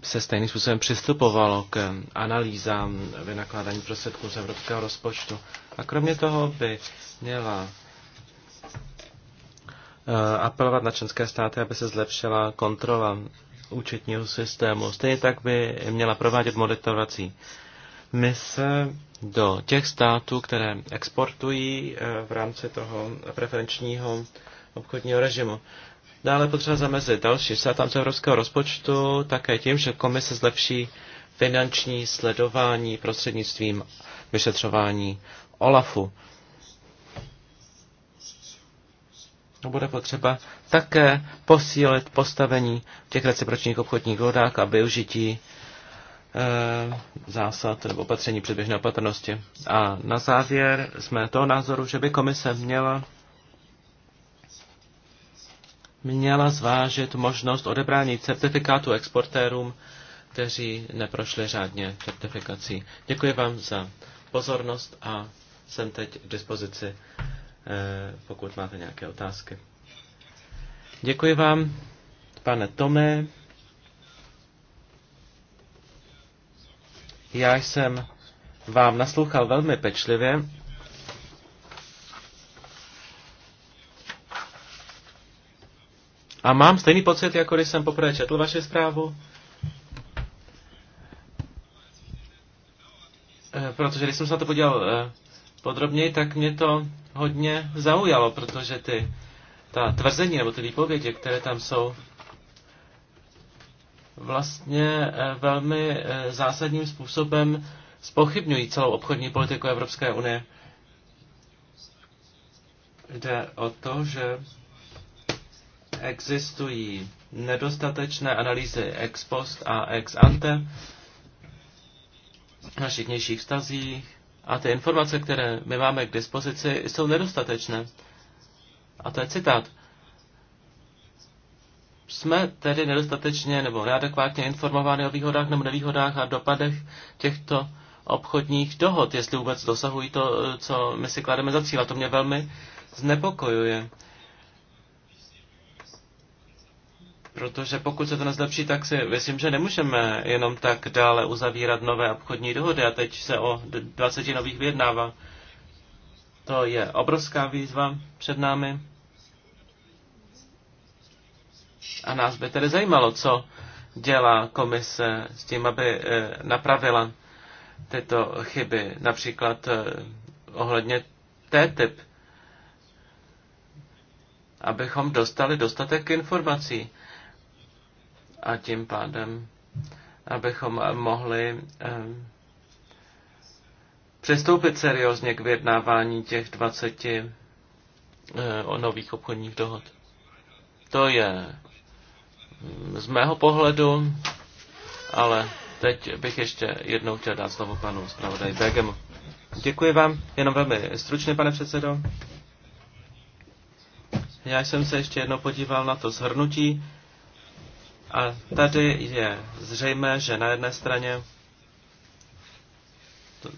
se stejným způsobem přistupovalo k analýzám vynakládání prostředků z evropského rozpočtu. A kromě toho by měla Eh, apelovat na členské státy, aby se zlepšila kontrola účetního systému. Stejně tak by měla provádět monitorovací mise do těch států, které exportují eh, v rámci toho preferenčního obchodního režimu. Dále potřeba zamezit další státám z evropského rozpočtu také tím, že komise zlepší finanční sledování prostřednictvím vyšetřování OLAFu. No, bude potřeba také posílit postavení těch recipročních obchodních dohodách a využití e, zásad nebo opatření předběžné opatrnosti. A na závěr jsme toho názoru, že by komise měla měla zvážit možnost odebrání certifikátu exportérům, kteří neprošli řádně certifikací. Děkuji vám za pozornost a jsem teď k dispozici Eh, pokud máte nějaké otázky. Děkuji vám, pane Tome. Já jsem vám naslouchal velmi pečlivě. A mám stejný pocit, jako když jsem poprvé četl vaši zprávu. Eh, protože když jsem se na to podíval eh, podrobněji, tak mě to hodně zaujalo, protože ty ta tvrzení nebo ty výpovědi, které tam jsou, vlastně eh, velmi eh, zásadním způsobem spochybňují celou obchodní politiku Evropské unie. Jde o to, že existují nedostatečné analýzy ex post a ex ante našich vnějších vztazích, a ty informace, které my máme k dispozici, jsou nedostatečné. A to je citát. Jsme tedy nedostatečně nebo neadekvátně informováni o výhodách nebo nevýhodách a dopadech těchto obchodních dohod, jestli vůbec dosahují to, co my si klademe za cíl. A to mě velmi znepokojuje. Protože pokud se to nezlepší, tak si myslím, že nemůžeme jenom tak dále uzavírat nové obchodní dohody a teď se o 20 nových vyjednává. To je obrovská výzva před námi. A nás by tedy zajímalo, co dělá komise s tím, aby eh, napravila tyto chyby, například eh, ohledně TTIP, abychom dostali dostatek informací a tím pádem, abychom mohli eh, přistoupit seriózně k vyjednávání těch 20 eh, o nových obchodních dohod. To je mm, z mého pohledu, ale teď bych ještě jednou chtěl dát slovo panu zpravodaji Begemu. Děkuji vám, jenom velmi stručně, pane předsedo. Já jsem se ještě jednou podíval na to zhrnutí a tady je zřejmé, že na jedné straně to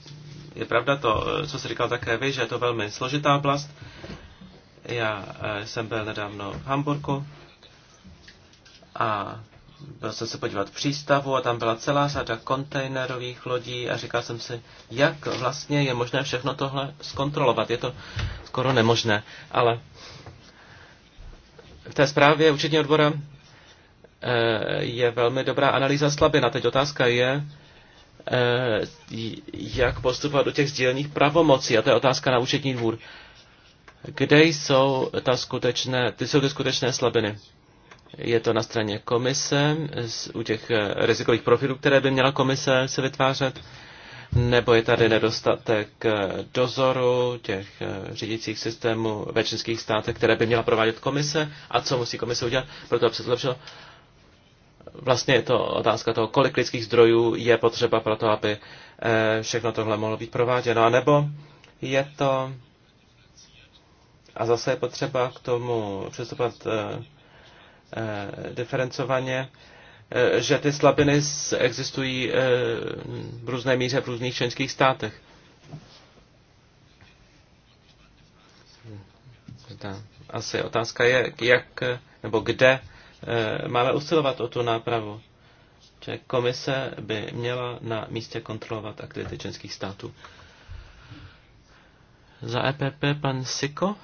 je pravda to, co jsi říkal také vy, že je to velmi složitá oblast. Já eh, jsem byl nedávno v Hamburgu a byl jsem se podívat přístavu a tam byla celá řada kontejnerových lodí a říkal jsem si, jak vlastně je možné všechno tohle zkontrolovat. Je to skoro nemožné, ale v té zprávě účetního odbora Eh, je velmi dobrá analýza slabina. Teď otázka je, eh, jak postupovat do těch sdílených pravomocí. A to je otázka na účetní dvůr. Kde jsou, ta skutečné, ty jsou ty skutečné slabiny? Je to na straně komise, u těch eh, rizikových profilů, které by měla komise se vytvářet, nebo je tady nedostatek dozoru těch řídících systémů ve členských státech, které by měla provádět komise a co musí komise udělat pro to, aby se zlepšilo vlastně je to otázka toho, kolik lidských zdrojů je potřeba pro to, aby eh, všechno tohle mohlo být prováděno. A nebo je to, a zase je potřeba k tomu přistupovat eh, eh, diferencovaně, že ty slabiny existují v různé míře v různých členských státech. Hm. Asi otázka je, jak nebo kde Eh, máme usilovat o tu nápravu. Že komise by měla na místě kontrolovat aktivity členských států. Za EPP pan Siko.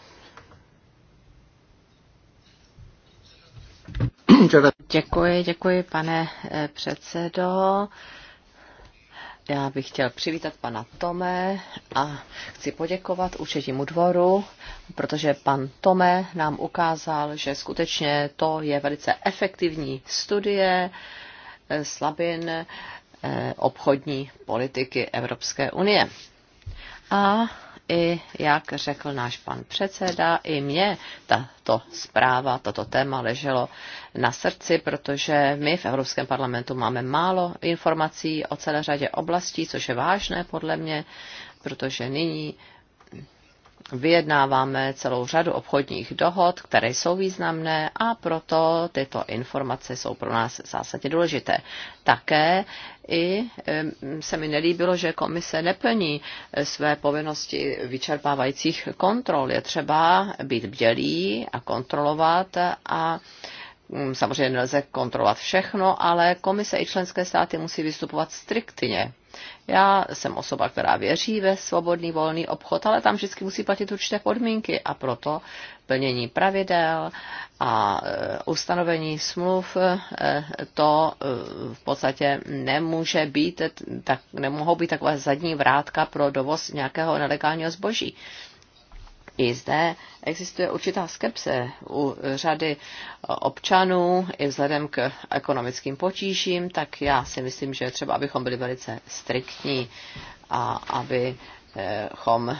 Děkuji, děkuji, pane eh, předsedo. Já bych chtěl přivítat pana Tome a chci poděkovat účetnímu dvoru, protože pan Tome nám ukázal, že skutečně to je velice efektivní studie eh, slabin eh, obchodní politiky Evropské unie. A i, jak řekl náš pan předseda, i mě tato zpráva, toto téma leželo na srdci, protože my v Evropském parlamentu máme málo informací o celé řadě oblastí, což je vážné podle mě, protože nyní vyjednáváme celou řadu obchodních dohod, které jsou významné a proto tyto informace jsou pro nás zásadně důležité. Také i se mi nelíbilo, že komise neplní eh, své povinnosti vyčerpávajících kontrol. Je třeba být bdělý a kontrolovat a mm, samozřejmě nelze kontrolovat všechno, ale komise i členské státy musí vystupovat striktně já jsem osoba, která věří ve svobodný volný obchod, ale tam vždycky musí platit určité podmínky a proto plnění pravidel a e, ustanovení smluv, e, to e, v podstatě nemůže být, tak, nemohou být takové zadní vrátka pro dovoz nějakého nelegálního zboží. I zde existuje určitá skepse u řady občanů i vzhledem k ekonomickým potížím, tak já si myslím, že třeba abychom byli velice striktní a aby chom eh,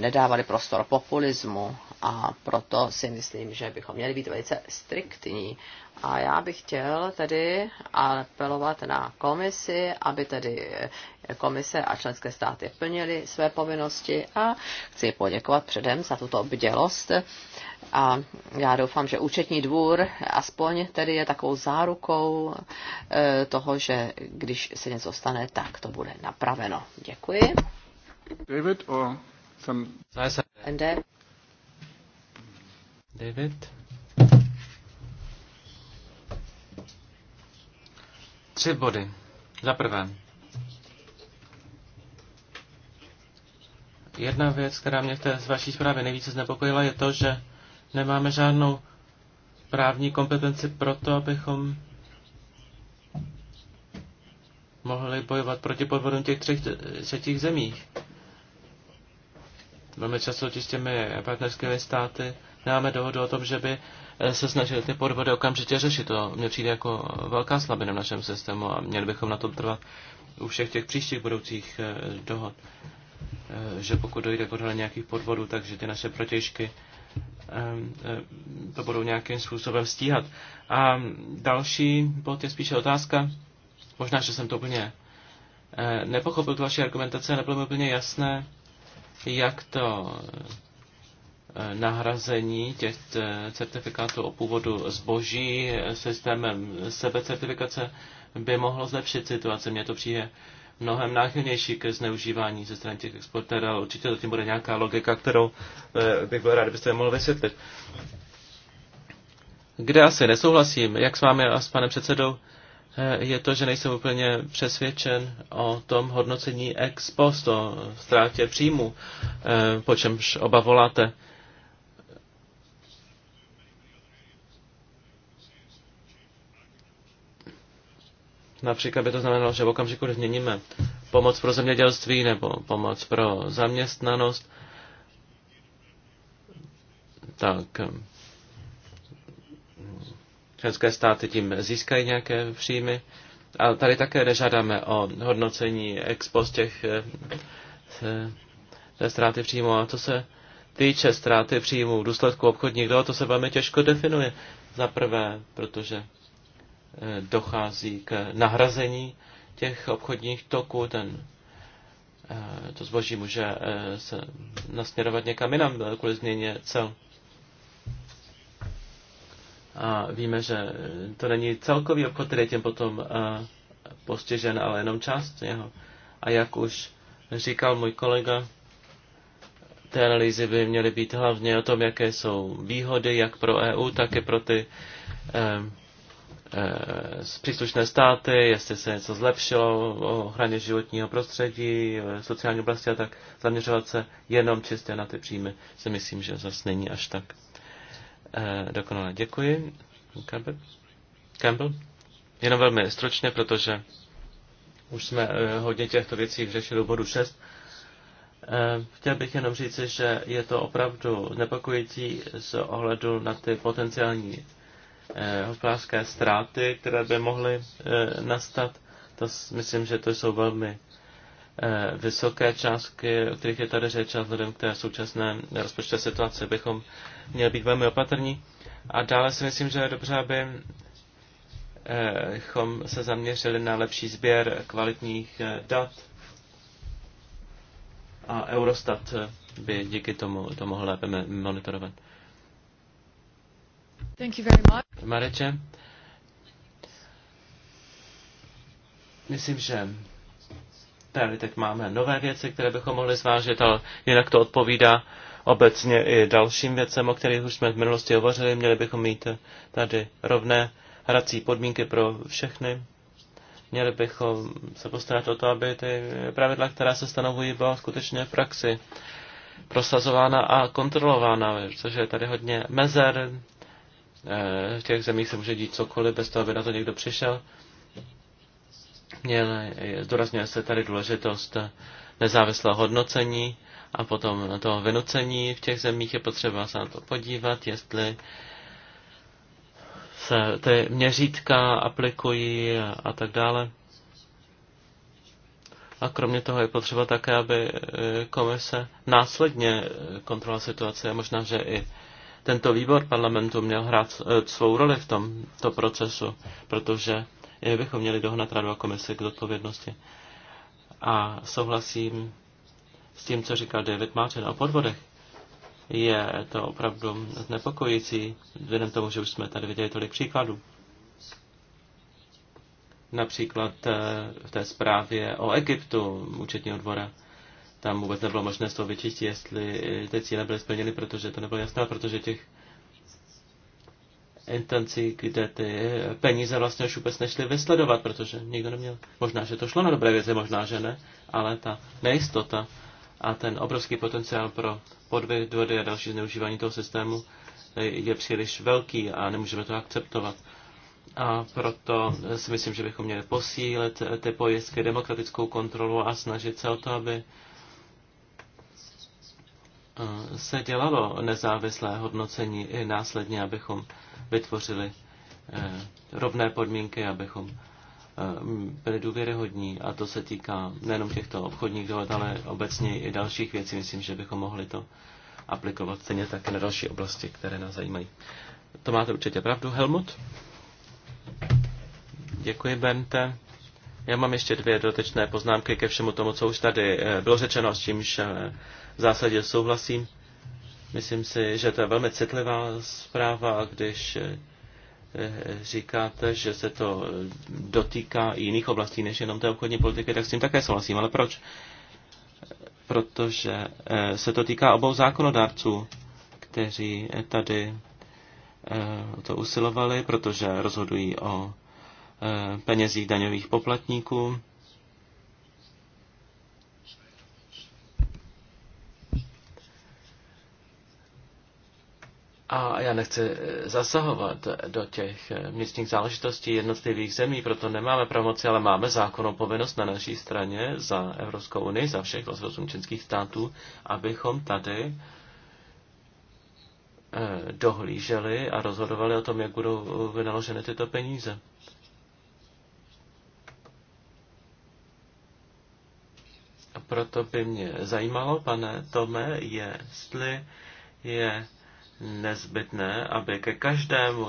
nedávali prostor populismu a proto si myslím, že bychom měli být velice striktní. A já bych chtěl tedy apelovat na komisi, aby tedy eh, komise a členské státy plnili své povinnosti a chci poděkovat předem za tuto bdělost. A já doufám, že účetní dvůr aspoň tedy je takovou zárukou eh, toho, že když se něco stane, tak to bude napraveno. Děkuji. David or some... And then... David. Tři body. Za prvé. Jedna věc, která mě v té z vaší zprávy nejvíce znepokojila, je to, že nemáme žádnou právní kompetenci pro to, abychom mohli bojovat proti podvodům těch třech, třetích zemích. Velmi často s těmi partnerskými státy nemáme dohodu o tom, že by eh, se snažili ty podvody okamžitě řešit. To mě přijde jako velká slabina v našem systému a měli bychom na tom trvat u všech těch příštích budoucích eh, dohod. Eh, že pokud dojde k odhalení nějakých podvodů, takže ty naše protěžky ehm, to budou nějakým způsobem stíhat. A další bod je spíše otázka, možná, že jsem to úplně nepochopil tu vaši argumentace, nebylo mi úplně jasné, jak to eh, nahrazení těch eh, certifikátů o původu zboží eh, systémem sebecertifikace by mohlo zlepšit situaci. Mně to přijde mnohem náchylnější ke zneužívání ze strany těch exportérů, ale určitě zatím bude nějaká logika, kterou bych byl rád, kdybyste mohl vysvětlit. Kde asi nesouhlasím, jak s vámi a s panem předsedou, je to, že nejsem úplně přesvědčen o tom hodnocení ex post, o ztrátě příjmu, eh, po čemž oba voláte. Například by to znamenalo, že v okamžiku, kdy změníme pomoc pro zemědělství nebo pomoc pro zaměstnanost, tak Členské státy tím získají nějaké příjmy. A tady také nežádáme o hodnocení ex post těch té eh, eh, ztráty příjmu. A co se týče ztráty příjmu v důsledku obchodních dohod, to se velmi těžko definuje. Za prvé, protože eh, dochází k nahrazení těch obchodních toků, ten, to zboží může se nasměrovat někam jinam kvůli změně cel. A víme, že to není celkový obchod, který je tím potom eh, postižen, ale jenom část jeho. A jak už říkal můj kolega, ty analýzy by měly být hlavně o tom, jaké jsou výhody jak pro EU, tak i pro ty eh, eh, příslušné státy, jestli se něco zlepšilo o ochraně životního prostředí, sociální oblasti a tak zaměřovat se jenom čistě na ty příjmy, si myslím, že zase není až tak Eh, dokonale děkuji. Campbell? Campbell? Jenom velmi stručně, protože už jsme eh, hodně těchto věcí řešili u bodu 6. Eh, chtěl bych jenom říci, že je to opravdu znepokojící z ohledu na ty potenciální hospodářské ztráty, které by mohly nastat. To myslím, že to jsou velmi Eh, vysoké částky, o kterých je tady řeč, a vzhledem k té současné rozpočtové situaci bychom měli být velmi opatrní. A dále si myslím, že je dobře, abychom eh, se zaměřili na lepší sběr kvalitních eh, dat a Eurostat by díky tomu to mohl lépe monitorovat. Thank you very much. Mareče, myslím, že Tady teď máme nové věci, které bychom mohli zvážit, ale jinak to odpovídá obecně i dalším věcem, o kterých už jsme v minulosti hovořili. Měli bychom mít tady rovné hrací podmínky pro všechny. Měli bychom se postarat o to, aby ty pravidla, která se stanovují, byla skutečně v praxi prosazována a kontrolována, což je tady hodně mezer. Eh, v těch zemích se může dít cokoliv, bez toho, aby na to někdo přišel. Měl, zdůrazňuje se tady důležitost nezávislého hodnocení a potom na toho vynucení v těch zemích je potřeba se na to podívat, jestli se ty měřítka aplikují a, a tak dále. A kromě toho je potřeba také, aby e, komise následně e, kontrola situace a možná, že i tento výbor parlamentu měl hrát e, svou roli v tomto procesu, protože Eh, bychom měli dohnat radu a komise k odpovědnosti. A souhlasím s tím, co říkal David Martin o podvodech. Je to opravdu znepokojící, vzhledem tomu, že už jsme tady viděli tolik příkladů. Například eh, v té zprávě o Egyptu účetního dvora tam vůbec nebylo možné z toho vyčistit, jestli ty cíle byly splněny, protože to nebylo jasné, protože těch intencí, kde ty peníze vlastně už vůbec nešly vysledovat, protože nikdo neměl. Možná, že to šlo na dobré věci, možná, že ne, ale ta nejistota a ten obrovský potenciál pro podvody a další zneužívání toho systému je příliš velký a nemůžeme to akceptovat. A proto si myslím, že bychom měli posílit ty pojistky, demokratickou kontrolu a snažit se o to, aby se dělalo nezávislé hodnocení i následně, abychom vytvořili eh, rovné podmínky, abychom eh, byli důvěryhodní a to se týká nejenom těchto obchodních dohod, ale obecně i dalších věcí. Myslím, že bychom mohli to aplikovat stejně také na další oblasti, které nás zajímají. To máte určitě pravdu, Helmut. Děkuji, Bente. Já mám ještě dvě dotečné poznámky ke všemu tomu, co už tady eh, bylo řečeno, s čímž v zásadě souhlasím. Myslím si, že to je velmi citlivá zpráva, když eh, říkáte, že se to eh, dotýká i jiných oblastí než jenom té obchodní politiky, tak s tím také souhlasím. Ale proč? Protože eh, se to týká obou zákonodárců, kteří tady to usilovali, protože rozhodují o penězích daňových poplatníků. A já nechci eh, zasahovat do těch eh, vnitřních záležitostí jednotlivých zemí, proto nemáme pravomoci, ale máme zákonnou povinnost na naší straně za Evropskou unii, za všech 28 členských států, abychom tady eh, dohlíželi a rozhodovali o tom, jak budou vynaloženy tyto peníze. A proto by mě zajímalo, pane Tome, jestli je nezbytné, aby ke každému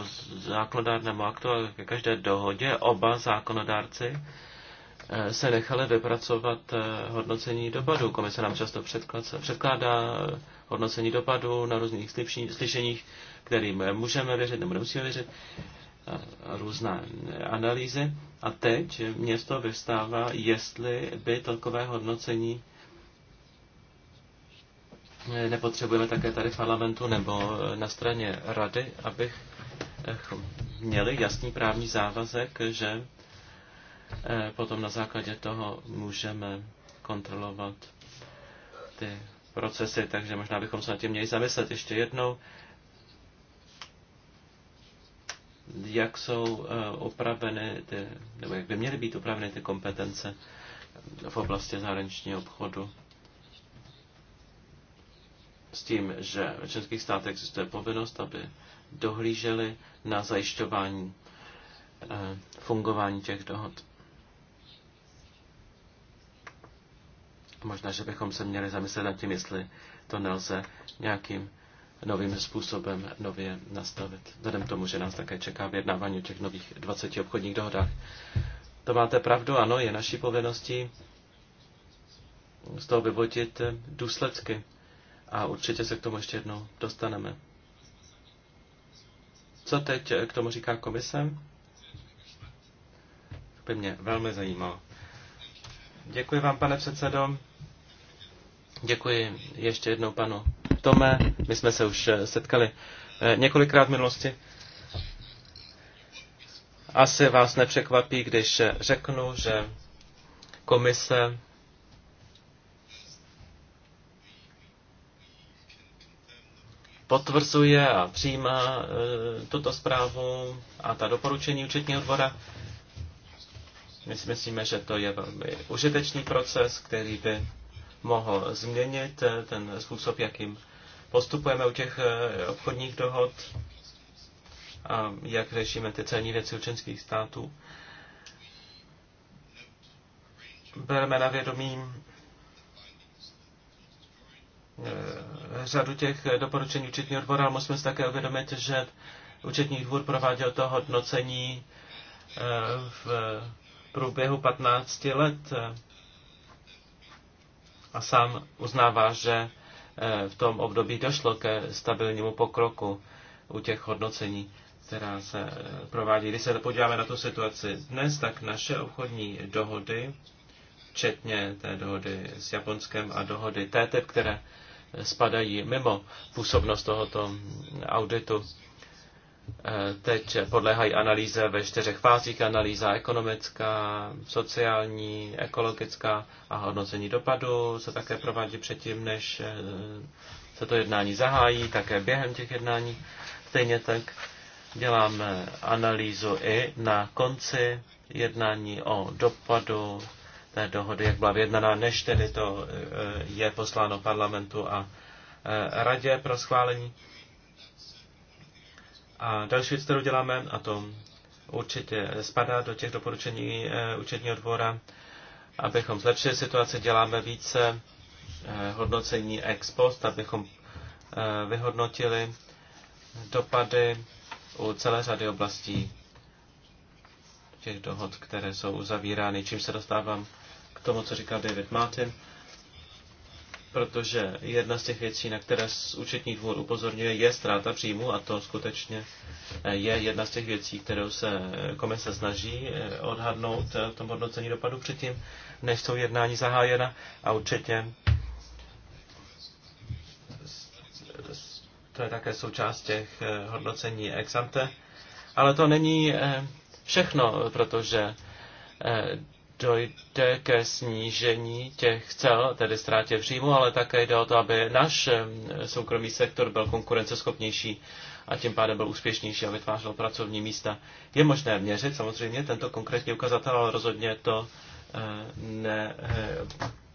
zákonodárnému aktu a ke každé dohodě oba zákonodárci eh, se nechali vypracovat eh, hodnocení dopadů. Komise nám často předkládá eh, hodnocení dopadů na různých slyšeních, kterým můžeme věřit nebo nemusíme věřit, a různé analýzy. A teď mě z toho vystává, jestli by takové hodnocení nepotřebujeme také tady v parlamentu nebo na straně rady, abych eh, měli jasný právní závazek, že eh, potom na základě toho můžeme kontrolovat ty procesy, takže možná bychom se nad tím měli zamyslet ještě jednou, jak jsou opraveny eh, ty, nebo jak by měly být opraveny ty kompetence v oblasti zahraničního obchodu s tím, že ve členských státech existuje povinnost, aby dohlíželi na zajišťování eh, fungování těch dohod. Možná, že bychom se měli zamyslet nad tím, jestli to nelze nějakým novým způsobem nově nastavit. Vzhledem k tomu, že nás také čeká vyjednávání o těch nových 20 obchodních dohodách. To máte pravdu, ano, je naší povinností z toho vyvodit důsledky a určitě se k tomu ještě jednou dostaneme. Co teď k tomu říká komise? To by mě velmi zajímalo. Děkuji vám, pane předsedo. Děkuji ještě jednou panu Tome. My jsme se už setkali eh, několikrát v minulosti. Asi vás nepřekvapí, když řeknu, že komise potvrzuje a přijímá eh, tuto zprávu a ta doporučení účetního dvora. My si myslíme, že to je velmi užitečný proces, který by mohl změnit eh, ten způsob, jakým postupujeme u těch eh, obchodních dohod a jak řešíme ty celní věci učenských států. Bereme na vědomí Eh, řadu těch doporučení účetního dvora, ale musíme si také uvědomit, že účetní dvůr prováděl to hodnocení eh, v průběhu 15 let eh, a sám uznává, že v tom období došlo ke stabilnímu pokroku u těch hodnocení, která se provádí. Když se podíváme na tu situaci dnes, tak naše obchodní dohody, včetně té dohody s Japonskem a dohody TTIP, které spadají mimo působnost tohoto auditu. E, teď podléhají analýze ve čtyřech fázích. Analýza ekonomická, sociální, ekologická a hodnocení dopadu se také provádí předtím, než e, se to jednání zahájí, také během těch jednání. Stejně tak děláme analýzu i na konci jednání o dopadu té dohody, jak byla vyjednaná, než tedy to e, je posláno parlamentu a e, radě pro schválení. A další věc, kterou děláme, a to určitě spadá do těch doporučení e, účetního dvora, abychom zlepšili situaci, děláme více hodnocení ex post, abychom vyhodnotili dopady u celé řady oblastí těch dohod, které jsou uzavírány, čím se dostávám k tomu, co říkal David Martin, protože jedna z těch věcí, na které účetní dvůr upozorňuje, je ztráta příjmu a to skutečně eh, je jedna z těch věcí, kterou se komise snaží eh, odhadnout eh, v tom hodnocení dopadu předtím, než jsou jednání zahájena a určitě to je také součást těch hodnocení ex ante. Ale to není všechno, protože dojde ke snížení těch cel, tedy ztrátě příjmu, ale také jde o to, aby náš soukromý sektor byl konkurenceschopnější a tím pádem byl úspěšnější a vytvářel pracovní místa. Je možné měřit samozřejmě tento konkrétní ukazatel, ale rozhodně to eh, ne, eh,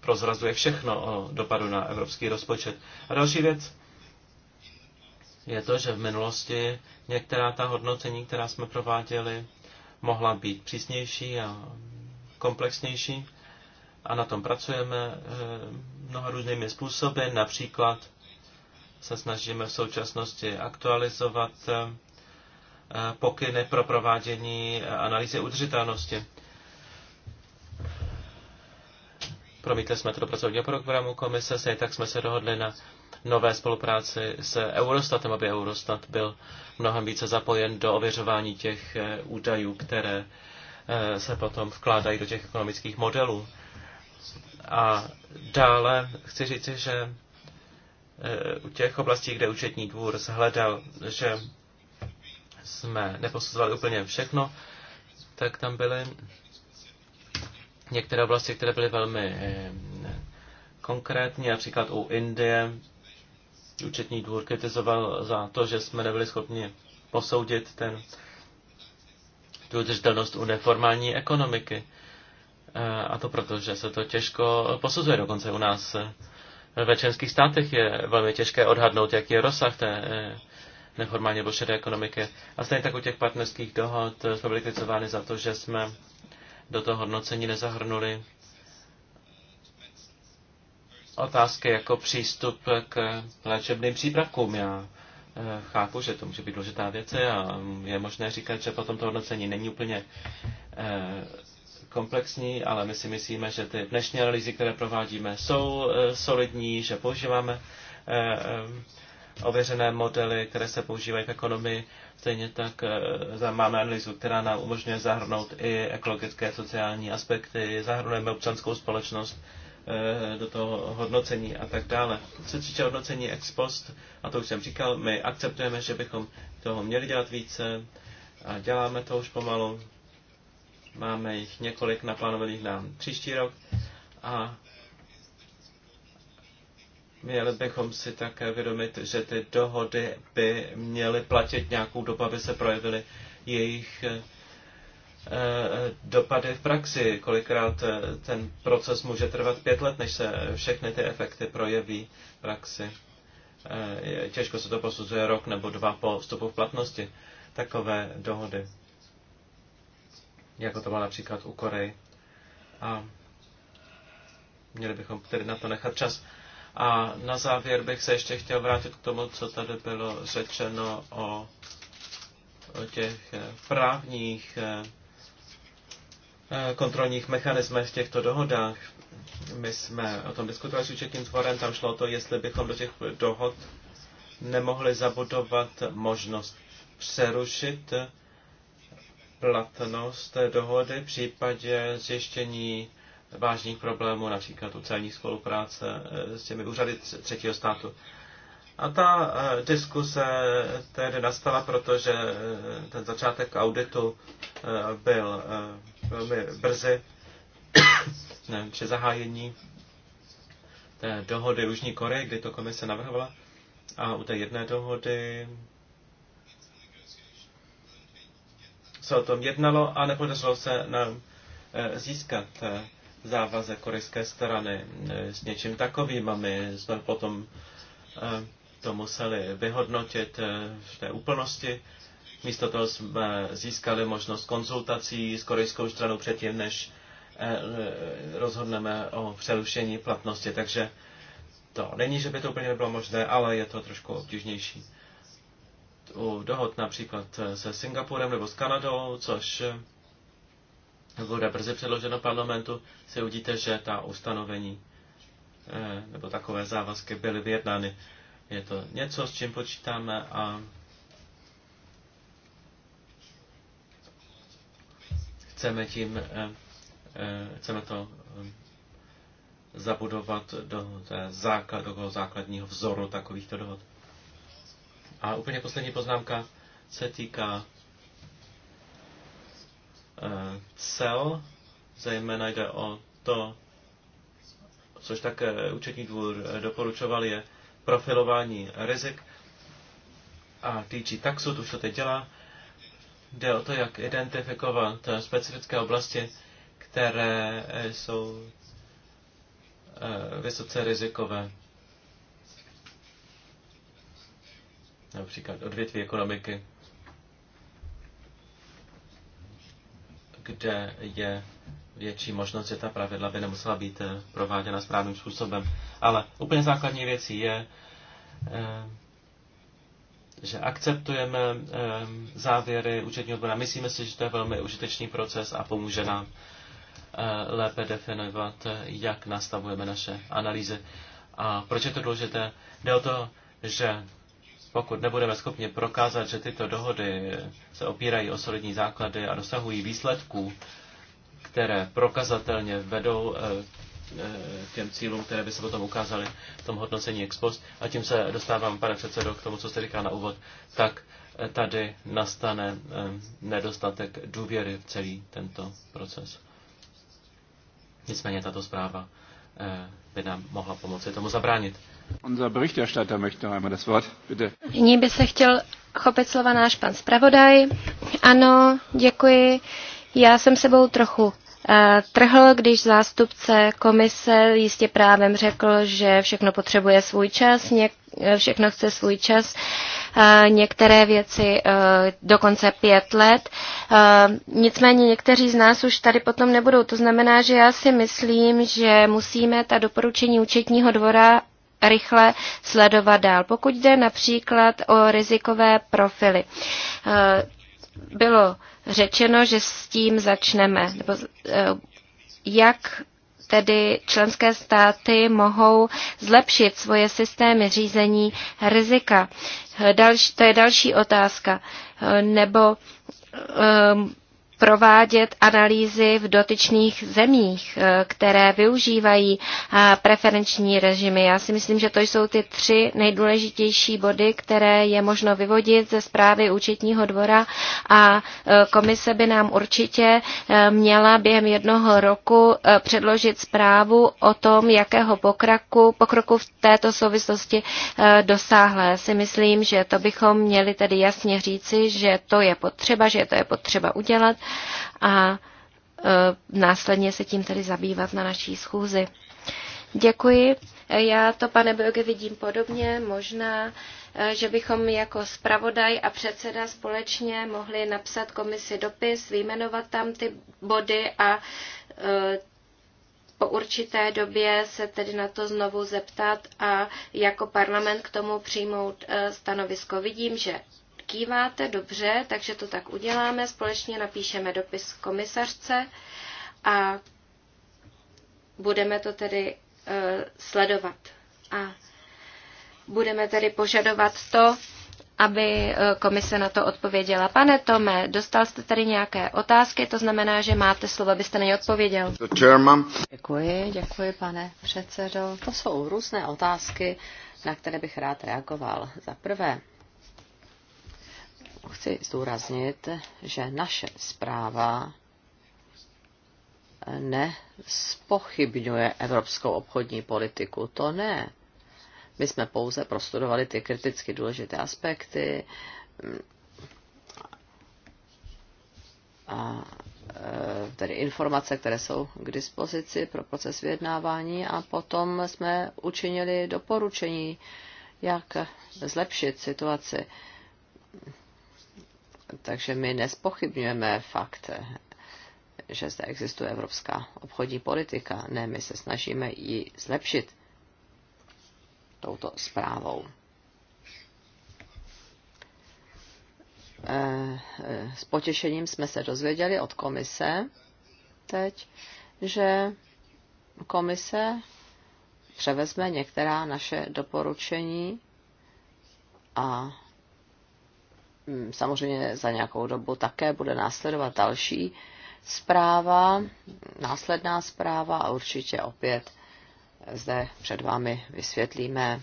prozrazuje všechno o dopadu na evropský rozpočet. A další věc je to, že v minulosti některá ta hodnocení, která jsme prováděli, mohla být přísnější a komplexnější a na tom pracujeme eh, mnoha různými způsoby. Například se snažíme v současnosti aktualizovat eh, eh, pokyny pro provádění analýzy udržitelnosti. Promítli jsme to do pracovního programu komise, se tak jsme se dohodli na nové spolupráci s Eurostatem, aby Eurostat byl mnohem více zapojen do ověřování těch údajů, které Eh, se potom vkládají do těch ekonomických modelů. A dále chci říct, že eh, u těch oblastí, kde účetní dvůr zhledal, že jsme neposuzovali úplně všechno, tak tam byly některé oblasti, které byly velmi eh, konkrétní, například u Indie účetní dvůr kritizoval za to, že jsme nebyli schopni posoudit ten i udržitelnost u neformální ekonomiky. E, a to proto, že se to těžko posuzuje. Dokonce u nás e, ve členských státech je velmi těžké odhadnout, jaký je rozsah té e, neformálně nebo šedé ekonomiky. A stejně tak u těch partnerských dohod jsme byli kritizovány za to, že jsme do toho hodnocení nezahrnuli otázky jako přístup k léčebným přípravkům. Já chápu, že to může být důležitá věc a je možné říkat, že potom to hodnocení není úplně eh, komplexní, ale my si myslíme, že ty dnešní analýzy, které provádíme, jsou eh, solidní, že používáme eh, ověřené modely, které se používají v ekonomii. Stejně tak máme analýzu, která nám umožňuje zahrnout i ekologické, sociální aspekty, zahrnujeme občanskou společnost Eh, do toho hodnocení a tak dále. Co se týče hodnocení ex post, a to už jsem říkal, my akceptujeme, že bychom toho měli dělat více a děláme to už pomalu. Máme jich několik naplánovaných na příští rok a Měli bychom si také vědomit, že ty dohody by měly platit nějakou dobu, aby se projevily jejich eh, Eh, dopady v praxi. Kolikrát eh, ten proces může trvat pět let, než se všechny ty efekty projeví v praxi. Eh, těžko se to posuzuje rok nebo dva po vstupu v platnosti takové dohody, jako to bylo například u Koreji. A měli bychom tedy na to nechat čas. A na závěr bych se ještě chtěl vrátit k tomu, co tady bylo řečeno o, o těch právních Eh, kontrolních mechanismech v těchto dohodách. My jsme o tom diskutovali s účetním tvorem, tam šlo o to, jestli bychom do těch dohod nemohli zabudovat možnost přerušit platnost dohody v případě zjištění vážných problémů, například u celní spolupráce eh, s těmi úřady třetího státu. A ta eh, diskuse tedy nastala, protože ten začátek auditu byl velmi brzy (coughs) ne, při zahájení té dohody Jižní Koreje, kdy to komise navrhovala. A u té jedné dohody se o tom jednalo a nepodařilo se nám eh, získat eh, závazek korejské strany eh, s něčím takovým a my jsme potom to museli vyhodnotit v té úplnosti Místo toho jsme získali možnost konzultací s korejskou stranou předtím, než eh, eh, rozhodneme o přerušení platnosti. Takže to není, že by to úplně nebylo možné, ale je to trošku obtížnější. U dohod například eh, se Singapurem nebo s Kanadou, což bude brzy předloženo parlamentu, si uvidíte, že ta ustanovení nebo takové závazky byly vyjednány. Je to něco, s čím počítáme a chceme tím, eh, eh, chceme to eh, zabudovat do, do toho základního vzoru takovýchto dohod. A úplně poslední poznámka se týká cel, zejména jde o to, což také účetní dvůr doporučoval, je profilování rizik a DG Taxu, to už to teď dělá, Jde o to, jak identifikovat eh, specifické oblasti, které eh, jsou eh, vysoce rizikové. Například odvětví ekonomiky, kde je větší možnost, že ta pravidla by nemusela být prováděna správným způsobem. Ale úplně základní věcí je, že akceptujeme ehm, závěry účetního odbora. Myslíme si, že to je velmi užitečný proces a pomůže nám eh, lépe definovat, eh, jak nastavujeme naše analýzy. A proč je to důležité? Jde o to, že pokud nebudeme schopni prokázat, že tyto dohody se opírají o solidní základy a dosahují výsledků, které prokazatelně vedou eh, Eh, těm cílům, které by se potom ukázaly v tom hodnocení ex post. A tím se dostávám, pane předsedo, k tomu, co jste říkal na úvod, tak eh, tady nastane eh, nedostatek důvěry v celý tento proces. Nicméně tato zpráva by nám mohla pomoci tomu zabránit. Unser Berichterstatter möchte einmal das Wort, bitte. Nyní by se chtěl chopit slova náš pan zpravodaj. Ano, děkuji. Já jsem sebou trochu Eh, trhl, když zástupce komise jistě právem řekl, že všechno potřebuje svůj čas, něk, eh, všechno chce svůj čas, eh, některé věci dokonce pět let. Nicméně někteří z nás už tady potom nebudou. To znamená, že já si myslím, že musíme ta doporučení účetního dvora rychle sledovat dál. Pokud jde například o rizikové profily, bylo řečeno, že s tím začneme. Nebo eh, jak tedy členské státy mohou zlepšit svoje systémy řízení rizika. Další, to je další otázka. Eh, nebo eh, provádět analýzy v dotyčných zemích, eh, které využívají eh, preferenční režimy. Já si myslím, že to jsou ty tři nejdůležitější body, které je možno vyvodit ze zprávy účetního dvora a eh, komise by nám určitě měla během jednoho roku předložit zprávu o tom, jakého pokraku, pokroku v této souvislosti dosáhla. Já si myslím, že to bychom měli tedy jasně říci, že to je potřeba, že to je potřeba udělat a e, následně se tím tedy zabývat na naší schůzi. Děkuji. Já to, pane Bilge, vidím podobně. Možná, e, že bychom jako zpravodaj a předseda společně mohli napsat komisi dopis, vyjmenovat tam ty body a e, po určité době se tedy na to znovu zeptat a jako parlament k tomu přijmout stanovisko. Vidím, že kýváte, dobře, takže to tak uděláme. Společně napíšeme dopis komisařce a budeme to tedy e, sledovat. A budeme tedy požadovat to, aby e, komise na to odpověděla. Pane Tome, dostal jste tady nějaké otázky, to znamená, že máte slovo, abyste na ně odpověděl. Děkuji, děkuji, pane předsedo. To jsou různé otázky, na které bych rád reagoval. Za prvé, chci zdůraznit, že naše zpráva nespochybňuje evropskou obchodní politiku. To ne. My jsme pouze prostudovali ty kriticky důležité aspekty a e, tedy informace, které jsou k dispozici pro proces vyjednávání a potom jsme učinili doporučení, jak zlepšit situaci. Takže my nespochybňujeme fakt, že zde existuje evropská obchodní politika. Ne, my se snažíme ji zlepšit touto zprávou. Eh, s potěšením jsme se dozvěděli od komise teď, že komise převezme některá naše doporučení a Mm, samozřejmě za nějakou dobu také bude následovat další zpráva, následná zpráva a určitě opět zde před vámi vysvětlíme,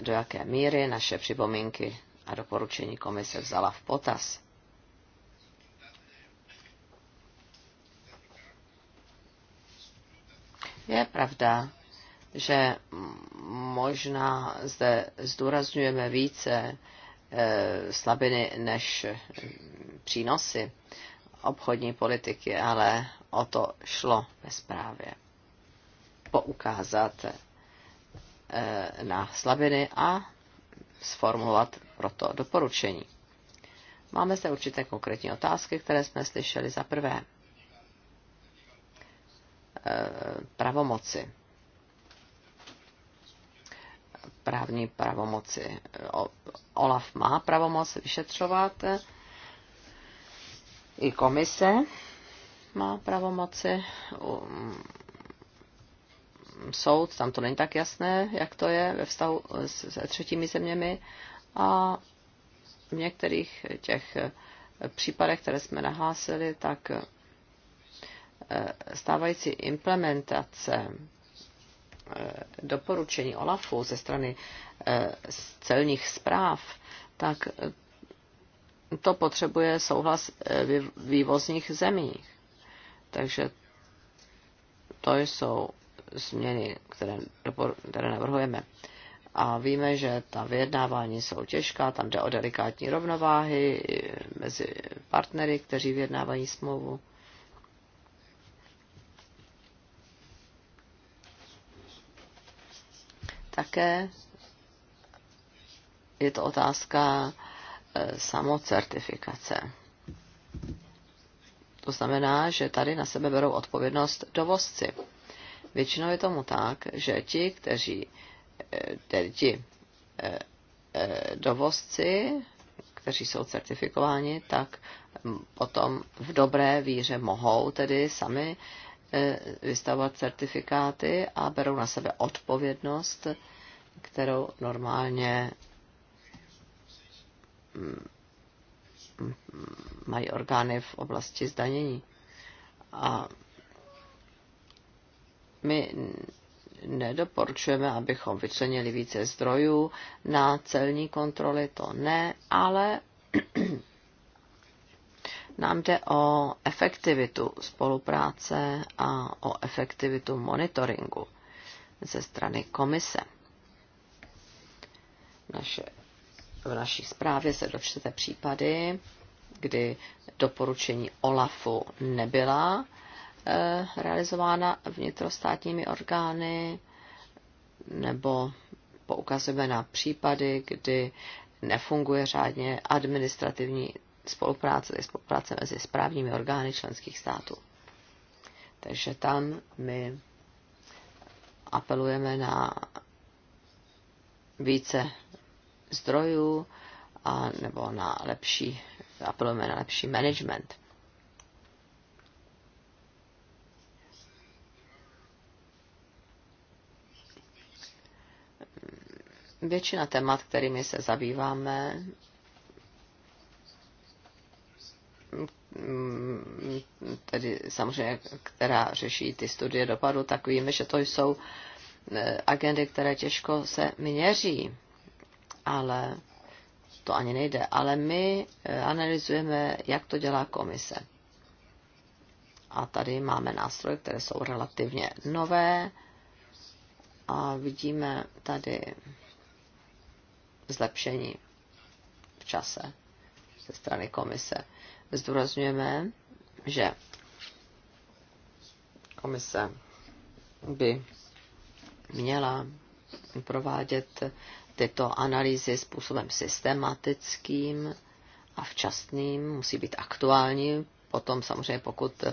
do jaké míry naše připomínky a doporučení komise vzala v potaz. Je pravda, že možná zde zdůrazňujeme více Eh, slabiny než přínosy obchodní politiky, ale o to šlo ve zprávě. Poukázat eh, na slabiny a sformulovat proto doporučení. Máme zde určité konkrétní otázky, které jsme slyšeli za prvé. Eh, pravomoci právní pravomoci. Olaf má pravomoc vyšetřovat, i komise má pravomoci, mm, soud, tam to není tak jasné, jak to je ve vztahu se třetími zeměmi a v některých těch eh, případech, které jsme nahlásili, tak eh, stávající implementace Eh, doporučení OLAFu ze strany eh, celních zpráv, tak eh, to potřebuje souhlas vývozních zemí. Takže to jsou změny, které, které navrhujeme. A víme, že ta vyjednávání jsou těžká, tam jde o delikátní rovnováhy mezi partnery, kteří vyjednávají smlouvu. Také je to otázka e, samocertifikace. To znamená, že tady na sebe berou odpovědnost dovozci. Většinou je tomu tak, že ti, kteří, e, tedy ti e, dovozci, kteří jsou certifikováni, tak potom v dobré víře mohou tedy sami E, vystavovat certifikáty a berou na sebe odpovědnost, kterou normálně mm, mají orgány v oblasti zdanění. A my nedoporučujeme, abychom vyčlenili více zdrojů na celní kontroly, to ne, ale nám jde o efektivitu spolupráce a o efektivitu monitoringu ze strany komise. Naše, v naší zprávě se dočtete případy, kdy doporučení OLAFu nebyla e, realizována vnitrostátními orgány, nebo poukazujeme na případy, kdy nefunguje řádně administrativní spolupráce, to je spolupráce mezi správními orgány členských států. Takže tam my apelujeme na více zdrojů a, nebo na lepší, apelujeme na lepší management. Většina témat, kterými se zabýváme, tedy samozřejmě, která řeší ty studie dopadu, tak víme, že to jsou eh, agendy, které těžko se měří, ale to ani nejde. Ale my eh, analyzujeme, jak to dělá komise. A tady máme nástroje, které jsou relativně nové a vidíme tady zlepšení v čase ze strany komise zdůrazňujeme, že komise by měla provádět tyto analýzy způsobem systematickým a včasným, musí být aktuální, potom samozřejmě pokud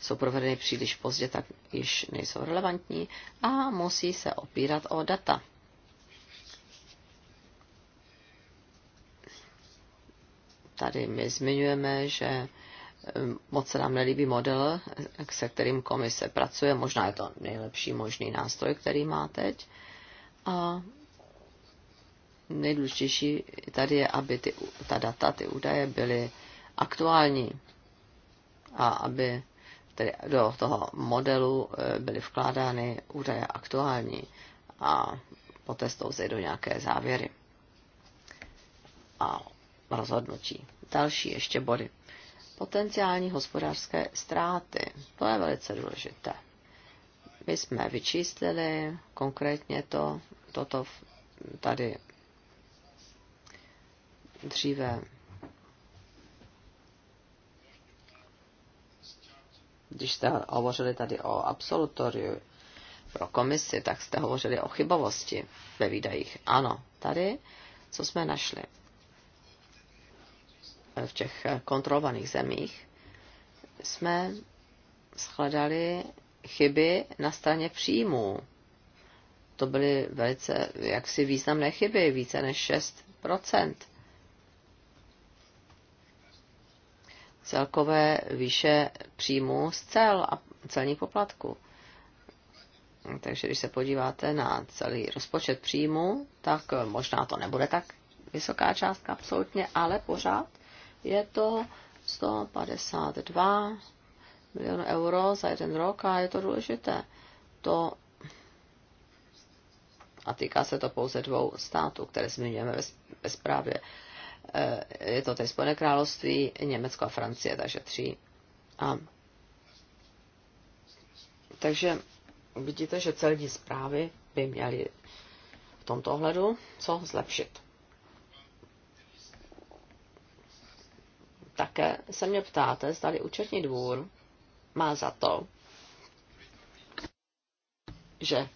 jsou provedeny příliš pozdě, tak již nejsou relevantní a musí se opírat o data. Tady my zmiňujeme, že um, moc se nám nelíbí model, se kterým komise pracuje. Možná je to nejlepší možný nástroj, který má teď. A nejdůležitější tady je, aby ty, ta data, ty údaje byly aktuální a aby tedy do toho modelu e, byly vkládány údaje aktuální a poté se do nějaké závěry. A rozhodnutí. Další ještě body. Potenciální hospodářské ztráty. To je velice důležité. My jsme vyčíslili konkrétně to, toto tady dříve když jste hovořili tady o absolutoriu pro komisi, tak jste hovořili o chybovosti ve výdajích. Ano, tady, co jsme našli v těch kontrolovaných zemích, jsme shledali chyby na straně příjmů. To byly velice jaksi významné chyby, více než 6 celkové výše příjmů z cel a celní poplatku. Takže když se podíváte na celý rozpočet příjmů, tak možná to nebude tak vysoká částka absolutně, ale pořád je to 152 milionů euro za jeden rok a je to důležité. To a týká se to pouze dvou států, které zmiňujeme ve zprávě. Eh, je to tedy Spojené království, Německo a Francie, takže tři. A takže vidíte, že celní zprávy by měly v tomto ohledu co zlepšit. také se mě ptáte, zdali účetní dvůr má za to, že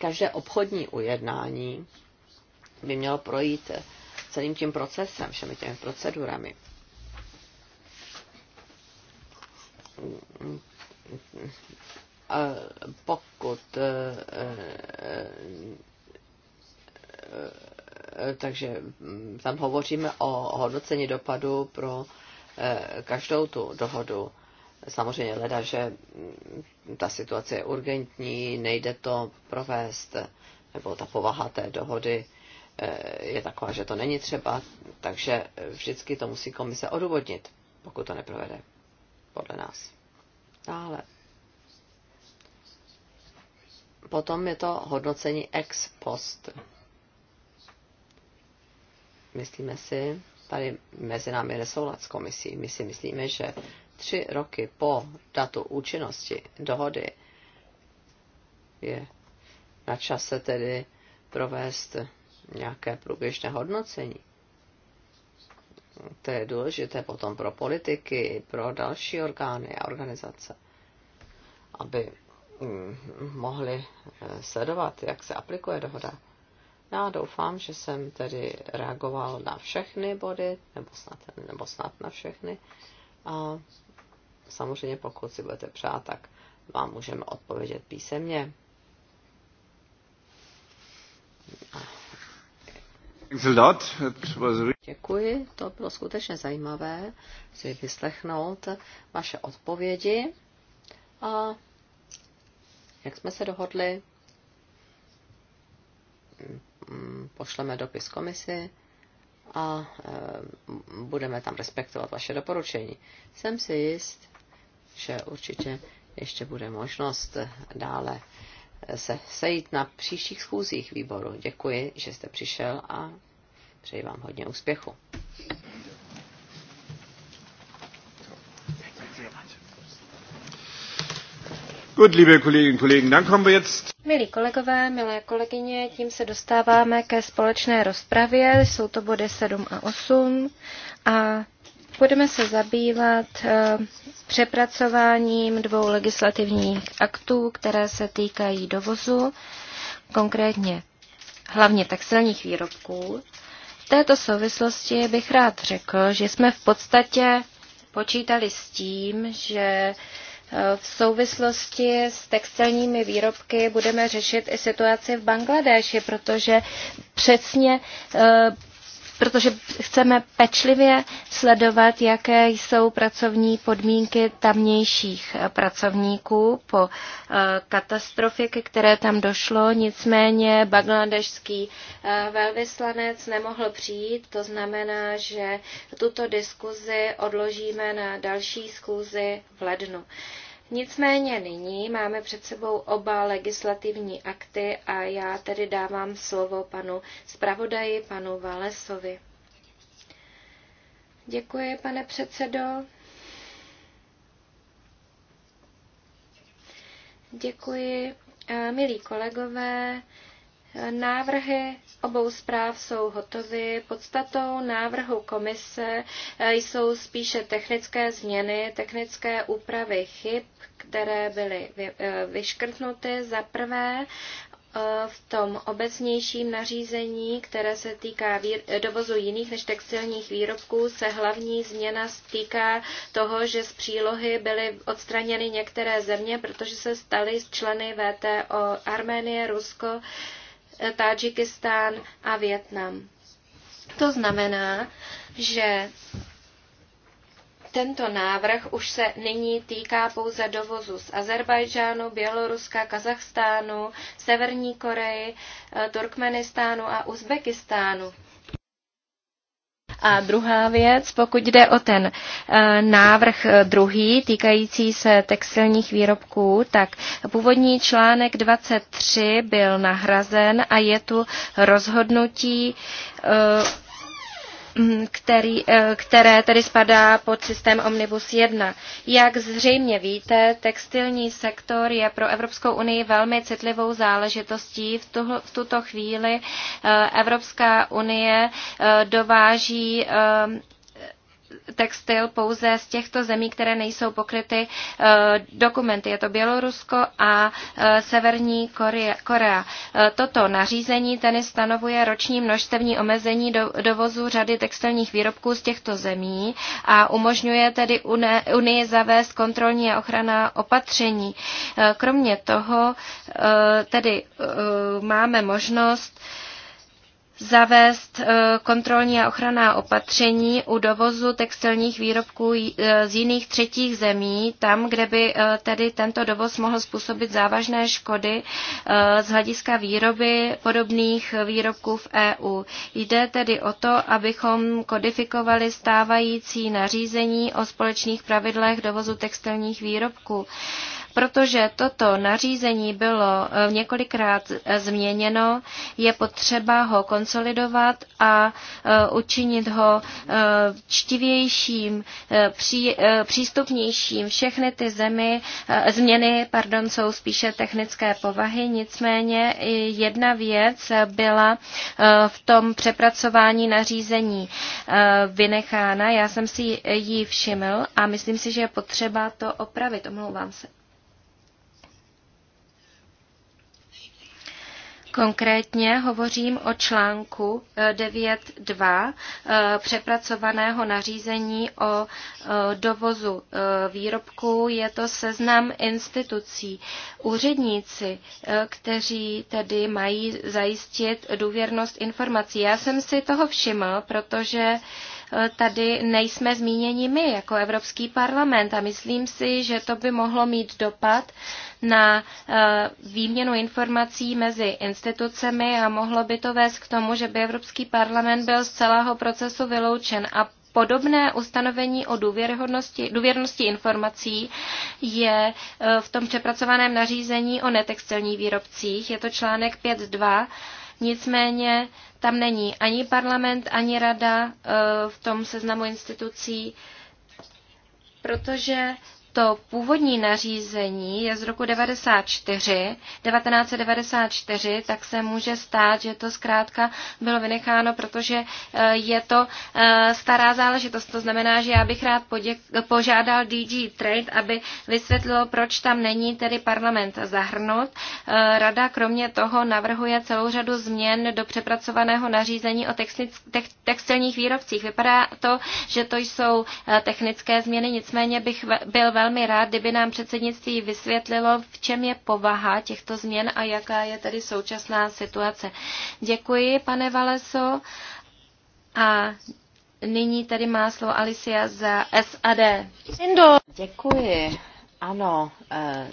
každé obchodní ujednání by mělo projít celým tím procesem, všemi těmi procedurami. A pokud eh, eh, takže mm, tam hovoříme o hodnocení dopadu pro eh, každou tu dohodu. Samozřejmě leda, že mm, ta situace je urgentní, nejde to provést, nebo ta povaha té dohody eh, je taková, že to není třeba, takže vždycky to musí komise odůvodnit, pokud to neprovede, podle nás. Dále. Potom je to hodnocení ex post Myslíme si, tady mezi námi nesoulad s komisí. My si myslíme, že tři roky po datu účinnosti dohody je na čase tedy provést nějaké průběžné hodnocení. To je důležité potom pro politiky, pro další orgány a organizace, aby mm, mohli eh, sledovat, jak se aplikuje dohoda. Já doufám, že jsem tedy reagoval na všechny body, nebo snad, nebo snad na všechny. A samozřejmě, pokud si budete přát, tak vám můžeme odpovědět písemně. Děkuji, to bylo skutečně zajímavé si vyslechnout vaše odpovědi. A jak jsme se dohodli, Mm, pošleme dopis komisi a eh, budeme tam respektovat vaše doporučení. Jsem si jist, že určitě ještě bude možnost dále eh, se sejít na příštích schůzích výboru. Děkuji, že jste přišel a přeji vám hodně úspěchu. Gut, liebe Kolleginnen und Kollegen, dann kommen wir jetzt Milí kolegové, milé kolegyně, tím se dostáváme ke společné rozpravě. Jsou to body 7 a 8 a budeme se zabývat eh, přepracováním dvou legislativních aktů, které se týkají dovozu, konkrétně hlavně textilních výrobků. V této souvislosti bych rád řekl, že jsme v podstatě počítali s tím, že v souvislosti s textilními výrobky budeme řešit i situaci v Bangladeši, protože přesně eh, protože chceme pečlivě sledovat, jaké jsou pracovní podmínky tamnějších eh, pracovníků po eh, katastrofě, ke které tam došlo. Nicméně bangladežský eh, velvyslanec nemohl přijít, to znamená, že tuto diskuzi odložíme na další schůzi v lednu. Nicméně nyní máme před sebou oba legislativní akty a já tedy dávám slovo panu zpravodaji, panu Valesovi. Děkuji, pane předsedo. Děkuji, eh, milí kolegové. Návrhy obou zpráv jsou hotovy. Podstatou návrhu komise eh, jsou spíše technické změny, technické úpravy chyb, které byly eh, vyškrtnuty. Za prvé eh, v tom obecnějším nařízení, které se týká dovozu jiných než textilních výrobků, se hlavní změna týká toho, že z přílohy byly odstraněny některé země, protože se staly členy VTO Arménie, Rusko, Tádžikistán a Větnam. To znamená, že tento návrh už se nyní týká pouze dovozu z Azerbajdžánu, Běloruska, Kazachstánu, Severní Koreji, eh, Turkmenistánu a Uzbekistánu. A druhá věc, pokud jde o ten eh, návrh eh, druhý týkající se textilních výrobků, tak původní článek 23 byl nahrazen a je tu rozhodnutí eh, Mm, který, eh, které tedy spadá pod systém Omnibus 1. Jak zřejmě víte, textilní sektor je pro Evropskou unii velmi citlivou záležitostí. V, tu, v tuto chvíli eh, Evropská unie eh, dováží textil pouze z těchto zemí, které nejsou pokryty eh, dokumenty. Je to Bělorusko a eh, Severní Korea. Eh, toto nařízení tedy stanovuje roční množstevní omezení do, dovozu řady textilních výrobků z těchto zemí a umožňuje tedy Unii zavést kontrolní a ochrana opatření. Kromě toho tedy máme možnost zavést e, kontrolní a ochranná opatření u dovozu textilních výrobků e, z jiných třetích zemí, tam, kde by e, tedy tento dovoz mohl způsobit závažné škody z hlediska výroby podobných výrobků v EU. Jde tedy o to, abychom kodifikovali stávající nařízení o společných pravidlech dovozu textilních výrobků. Protože toto nařízení bylo eh, několikrát eh, změněno, je potřeba ho konsolidovat a eh, učinit ho čtivějším, přístupnějším. Všechny ty zemi, změny pardon, jsou spíše technické povahy, nicméně jedna věc byla v tom přepracování nařízení vynechána. Já jsem si ji všiml a myslím si, že je potřeba to opravit. Omlouvám se. Konkrétně hovořím o článku 9.2 eh, eh, přepracovaného nařízení o eh, dovozu výrobků. Je to seznam institucí. Úředníci, kteří tedy mají zajistit důvěrnost informací. Já jsem si toho všiml, protože tady nejsme zmíněni my jako Evropský parlament a myslím si, že to by mohlo mít dopad na eh, výměnu informací mezi institucemi a mohlo by to vést k tomu, že by Evropský parlament byl z celého procesu vyloučen a Podobné ustanovení o důvěrnosti, informací je eh, v tom přepracovaném nařízení o netextilních výrobcích. Je to článek 5.2 Nicméně tam není ani parlament, ani rada eh, v tom seznamu institucí, protože to původní nařízení je z roku 94, 1994, tak se může stát, že to zkrátka bylo vynecháno, protože eh, je to eh, stará záležitost. To znamená, že já bych rád poděk- požádal DG Trade, aby vysvětlilo, proč tam není tedy parlament zahrnut. Eh, rada kromě toho navrhuje celou řadu změn do přepracovaného nařízení o textilních výrobcích. Vypadá to, že to jsou technické změny, nicméně bych byl velmi velmi rád, kdyby nám předsednictví vysvětlilo, v čem je povaha těchto změn a jaká je tedy současná situace. Děkuji, pane Valeso. A nyní tady má slovo Alicia za SAD. Děkuji. Ano, eh,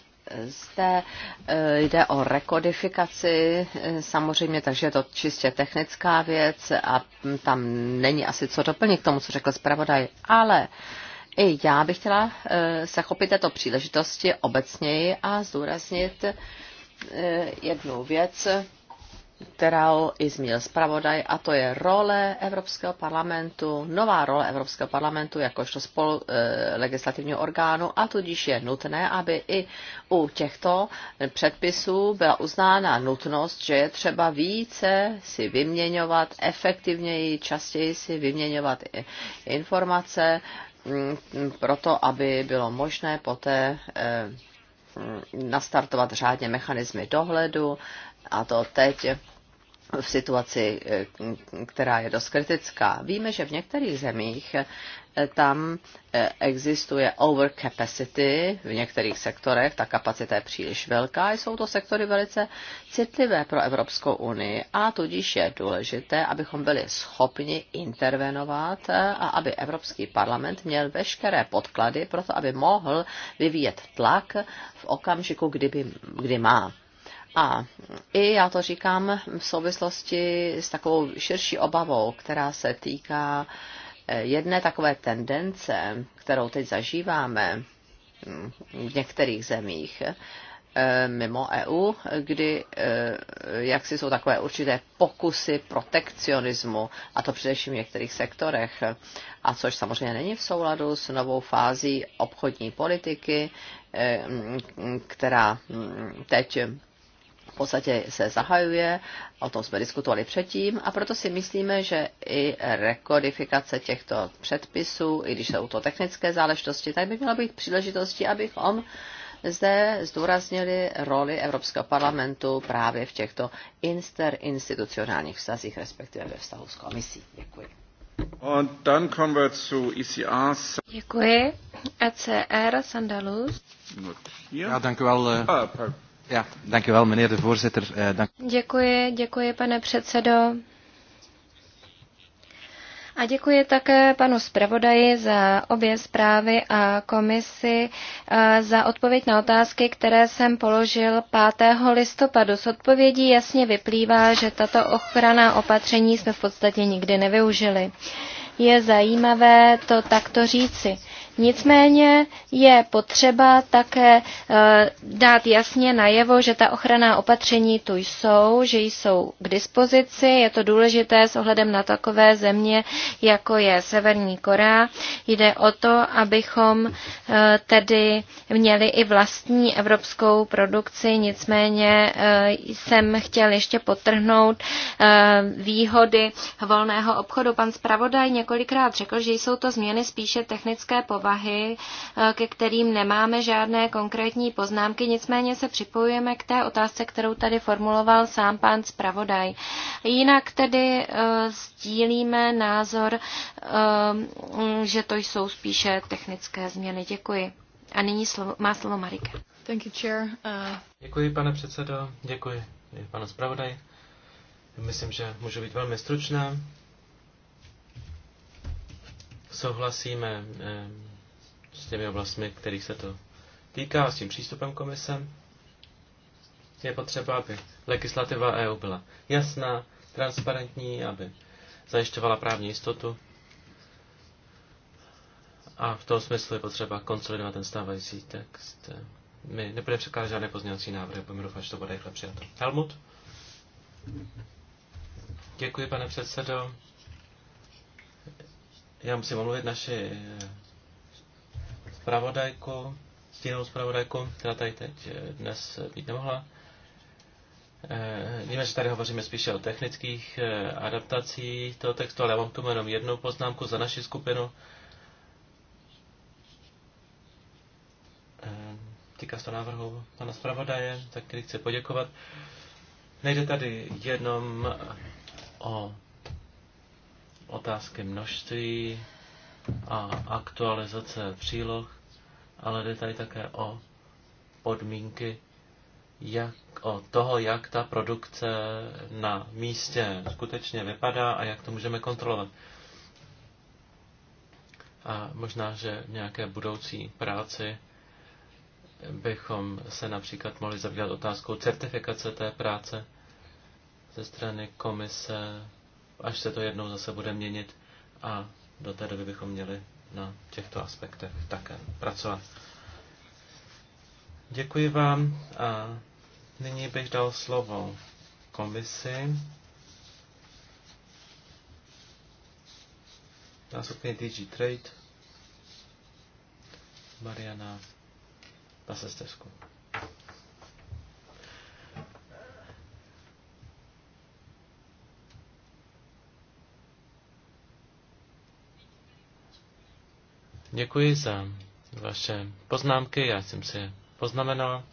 zde eh, jde o rekodifikaci eh, samozřejmě, takže je to čistě technická věc a tam není asi co doplnit k tomu, co řekl zpravodaj. Ale uh, i já bych chtěla eh, se chopit této příležitosti obecněji a zdůraznit eh, jednu věc, kterou i zmínil zpravodaj, a to je role Evropského parlamentu, nová role Evropského parlamentu jakožto spolu uh, eh, legislativního orgánu a tudíž je nutné, aby i u těchto předpisů byla uznána nutnost, že je třeba více si vyměňovat, efektivněji, častěji si vyměňovat informace, Mm, proto, aby bylo možné poté eh, nastartovat řádně mechanismy dohledu a to teď v situaci, eh, která je dost kritická. Víme, že v některých zemích tam eh, existuje overcapacity v některých sektorech, ta kapacita je příliš velká, jsou to sektory velice citlivé pro Evropskou unii a tudíž je důležité, abychom byli schopni intervenovat eh, a aby Evropský parlament měl veškeré podklady pro to, aby mohl vyvíjet tlak v okamžiku, kdyby, kdy má. A i já to říkám v souvislosti s takovou širší obavou, která se týká uh, jedné takové tendence, kterou teď zažíváme v některých zemích, eh, mimo EU, kdy eh, jak si jsou takové určité pokusy protekcionismu, a to především v některých sektorech, a což samozřejmě není v souladu s novou fází obchodní politiky, eh, která teď v podstatě se zahajuje, o tom jsme diskutovali předtím, a proto si myslíme, že i rekodifikace těchto předpisů, i když jsou to technické záležitosti, tak by měla být příležitostí, abychom zde zdůraznili roli Evropského parlamentu právě v těchto interinstitucionálních vztazích, respektive ve vztahu s komisí. Děkuji. Und dann kommen wir zu ECR. Děkuji. ECR Sandalus. Ja, dank Ah, Ja, dankjewel, meneer de voorzitter. Eh, dank... Děkuji, děkuji, pane předsedo. A děkuji také panu zpravodaji za obě zprávy a komisi eh, za odpověď na otázky, které jsem položil 5. listopadu. Z odpovědí jasně vyplývá, že tato ochrana opatření jsme v podstatě nikdy nevyužili. Je zajímavé to takto říci. Nicméně je potřeba také eh, dát jasně najevo, že ta ochranná opatření tu jsou, že jsou k dispozici. Je to důležité s ohledem na takové země, jako je Severní Korea. Jde o to, abychom eh, tedy měli i vlastní evropskou produkci. Nicméně eh, jsem chtěl ještě potrhnout výhody volného obchodu. Pan zpravodaj několikrát řekl, že jsou to změny spíše technické povahy úvahy, eh, ke kterým nemáme žádné konkrétní poznámky, nicméně se připojujeme k té otázce, kterou tady formuloval sám pán zpravodaj. Jinak tedy eh, sdílíme názor, eh, že to jsou spíše technické změny. Děkuji. A nyní slovo, má slovo Marika. Thank you, chair. Uh... Děkuji, pane předsedo, děkuji, pane zpravodaj. Myslím, že můžu být velmi stručná. Souhlasíme s těmi oblastmi, kterých se to týká, s tím přístupem komise. Je potřeba, aby legislativa EU byla jasná, transparentní, aby zajišťovala právní jistotu. A v tom smyslu je potřeba konsolidovat ten stávající text. My nebude překládat žádné pozměňovací návrhy, budeme doufat, že to bude rychle přijato. Helmut? Děkuji, pane předsedo. Já musím omluvit naši zpravodajku, stínovou zpravodajku, která tady teď eh, dnes eh, být nemohla. Eh, víme, že tady hovoříme spíše o technických adaptacích toho textu, ale já mám tu jenom jednu poznámku za naši skupinu. Týká se to návrhu pana zpravodaje, tak který chci poděkovat. Nejde tady jenom o otázky množství a aktualizace příloh, ale jde tady také o podmínky jak, o toho, jak ta produkce na místě skutečně vypadá a jak to můžeme kontrolovat. A možná, že v nějaké budoucí práci bychom se například mohli zabývat otázkou certifikace té práce ze strany komise, až se to jednou zase bude měnit a do té doby bychom měli na těchto aspektech také pracovat. Děkuji vám a nyní bych dal slovo komisi. Zástupně DG Trade Mariana Pasestevskou. Děkuji za vaše poznámky, já jsem si poznamenal.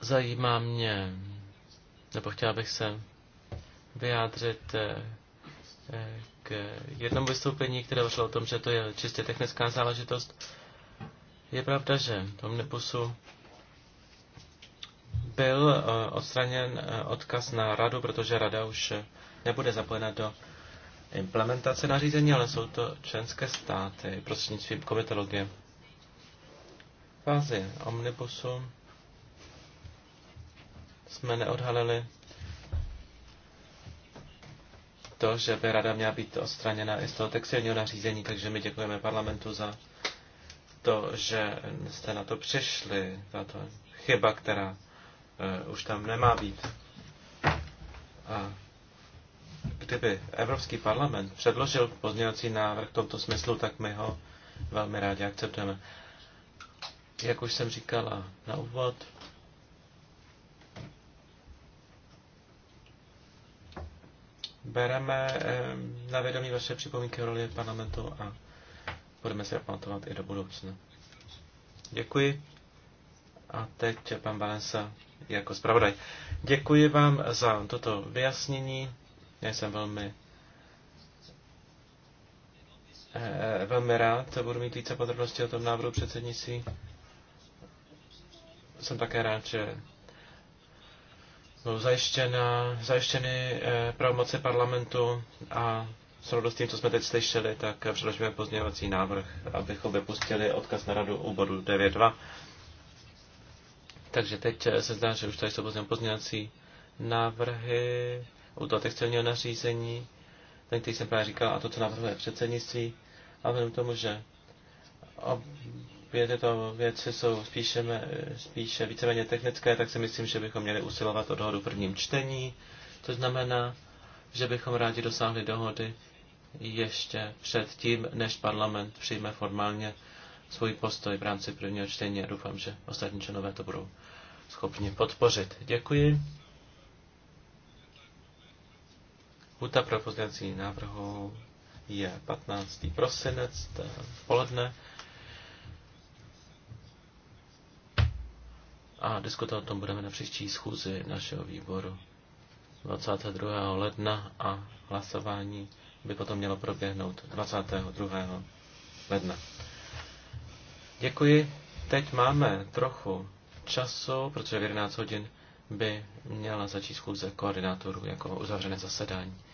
Zajímá mě, nebo chtěla bych se vyjádřit eh, eh, k jednomu vystoupení, které vyšlo o tom, že to je čistě technická záležitost. Je pravda, že v Omnibusu byl eh, odstraněn odkaz na radu, protože rada už nebude zapojena do Implementace nařízení, ale jsou to členské státy prostřednictvím komitologie. Fázi omnibusu jsme neodhalili to, že by rada měla být odstraněna i z toho textilního nařízení, takže my děkujeme parlamentu za to, že jste na to přišli, za to chyba, která uh, už tam nemá být. A kdyby Evropský parlament předložil pozměňovací návrh v tomto smyslu, tak my ho velmi rádi akceptujeme. Jak už jsem říkala na úvod, bereme eh, na vědomí vaše připomínky roli parlamentu a budeme si pamatovat i do budoucna. Děkuji. A teď pan Valensa jako zpravodaj. Děkuji vám za toto vyjasnění. Já jsem velmi eh, velmi rád, budu mít více podrobností o tom návrhu předsednictví. Jsem také rád, že budou zajištěna, zajištěny eh, pravomoci parlamentu a s tím, co jsme teď slyšeli, tak předložíme pozměňovací návrh, abychom vypustili odkaz na radu u bodu 9.2. Takže teď eh, se zdá, že už tady jsou pozměňovací návrhy u toho textilního nařízení, ten, který jsem právě říkal, a to, co navrhuje předsednictví, a vzhledem tomu, že obě tyto věci jsou spíše, spíše víceméně technické, tak si myslím, že bychom měli usilovat o dohodu v prvním čtení, což znamená, že bychom rádi dosáhli dohody ještě před tím, než parlament přijme formálně svůj postoj v rámci prvního čtení a doufám, že ostatní členové to budou schopni podpořit. Děkuji. Huta pro pozdělací návrhu je 15. prosinec, to je poledne. A diskutovat o tom budeme na příští schůzi našeho výboru 22. ledna a hlasování by potom mělo proběhnout 22. ledna. Děkuji. Teď máme trochu času, protože v 11 hodin by měla začít schůze koordinátorů jako uzavřené zasedání.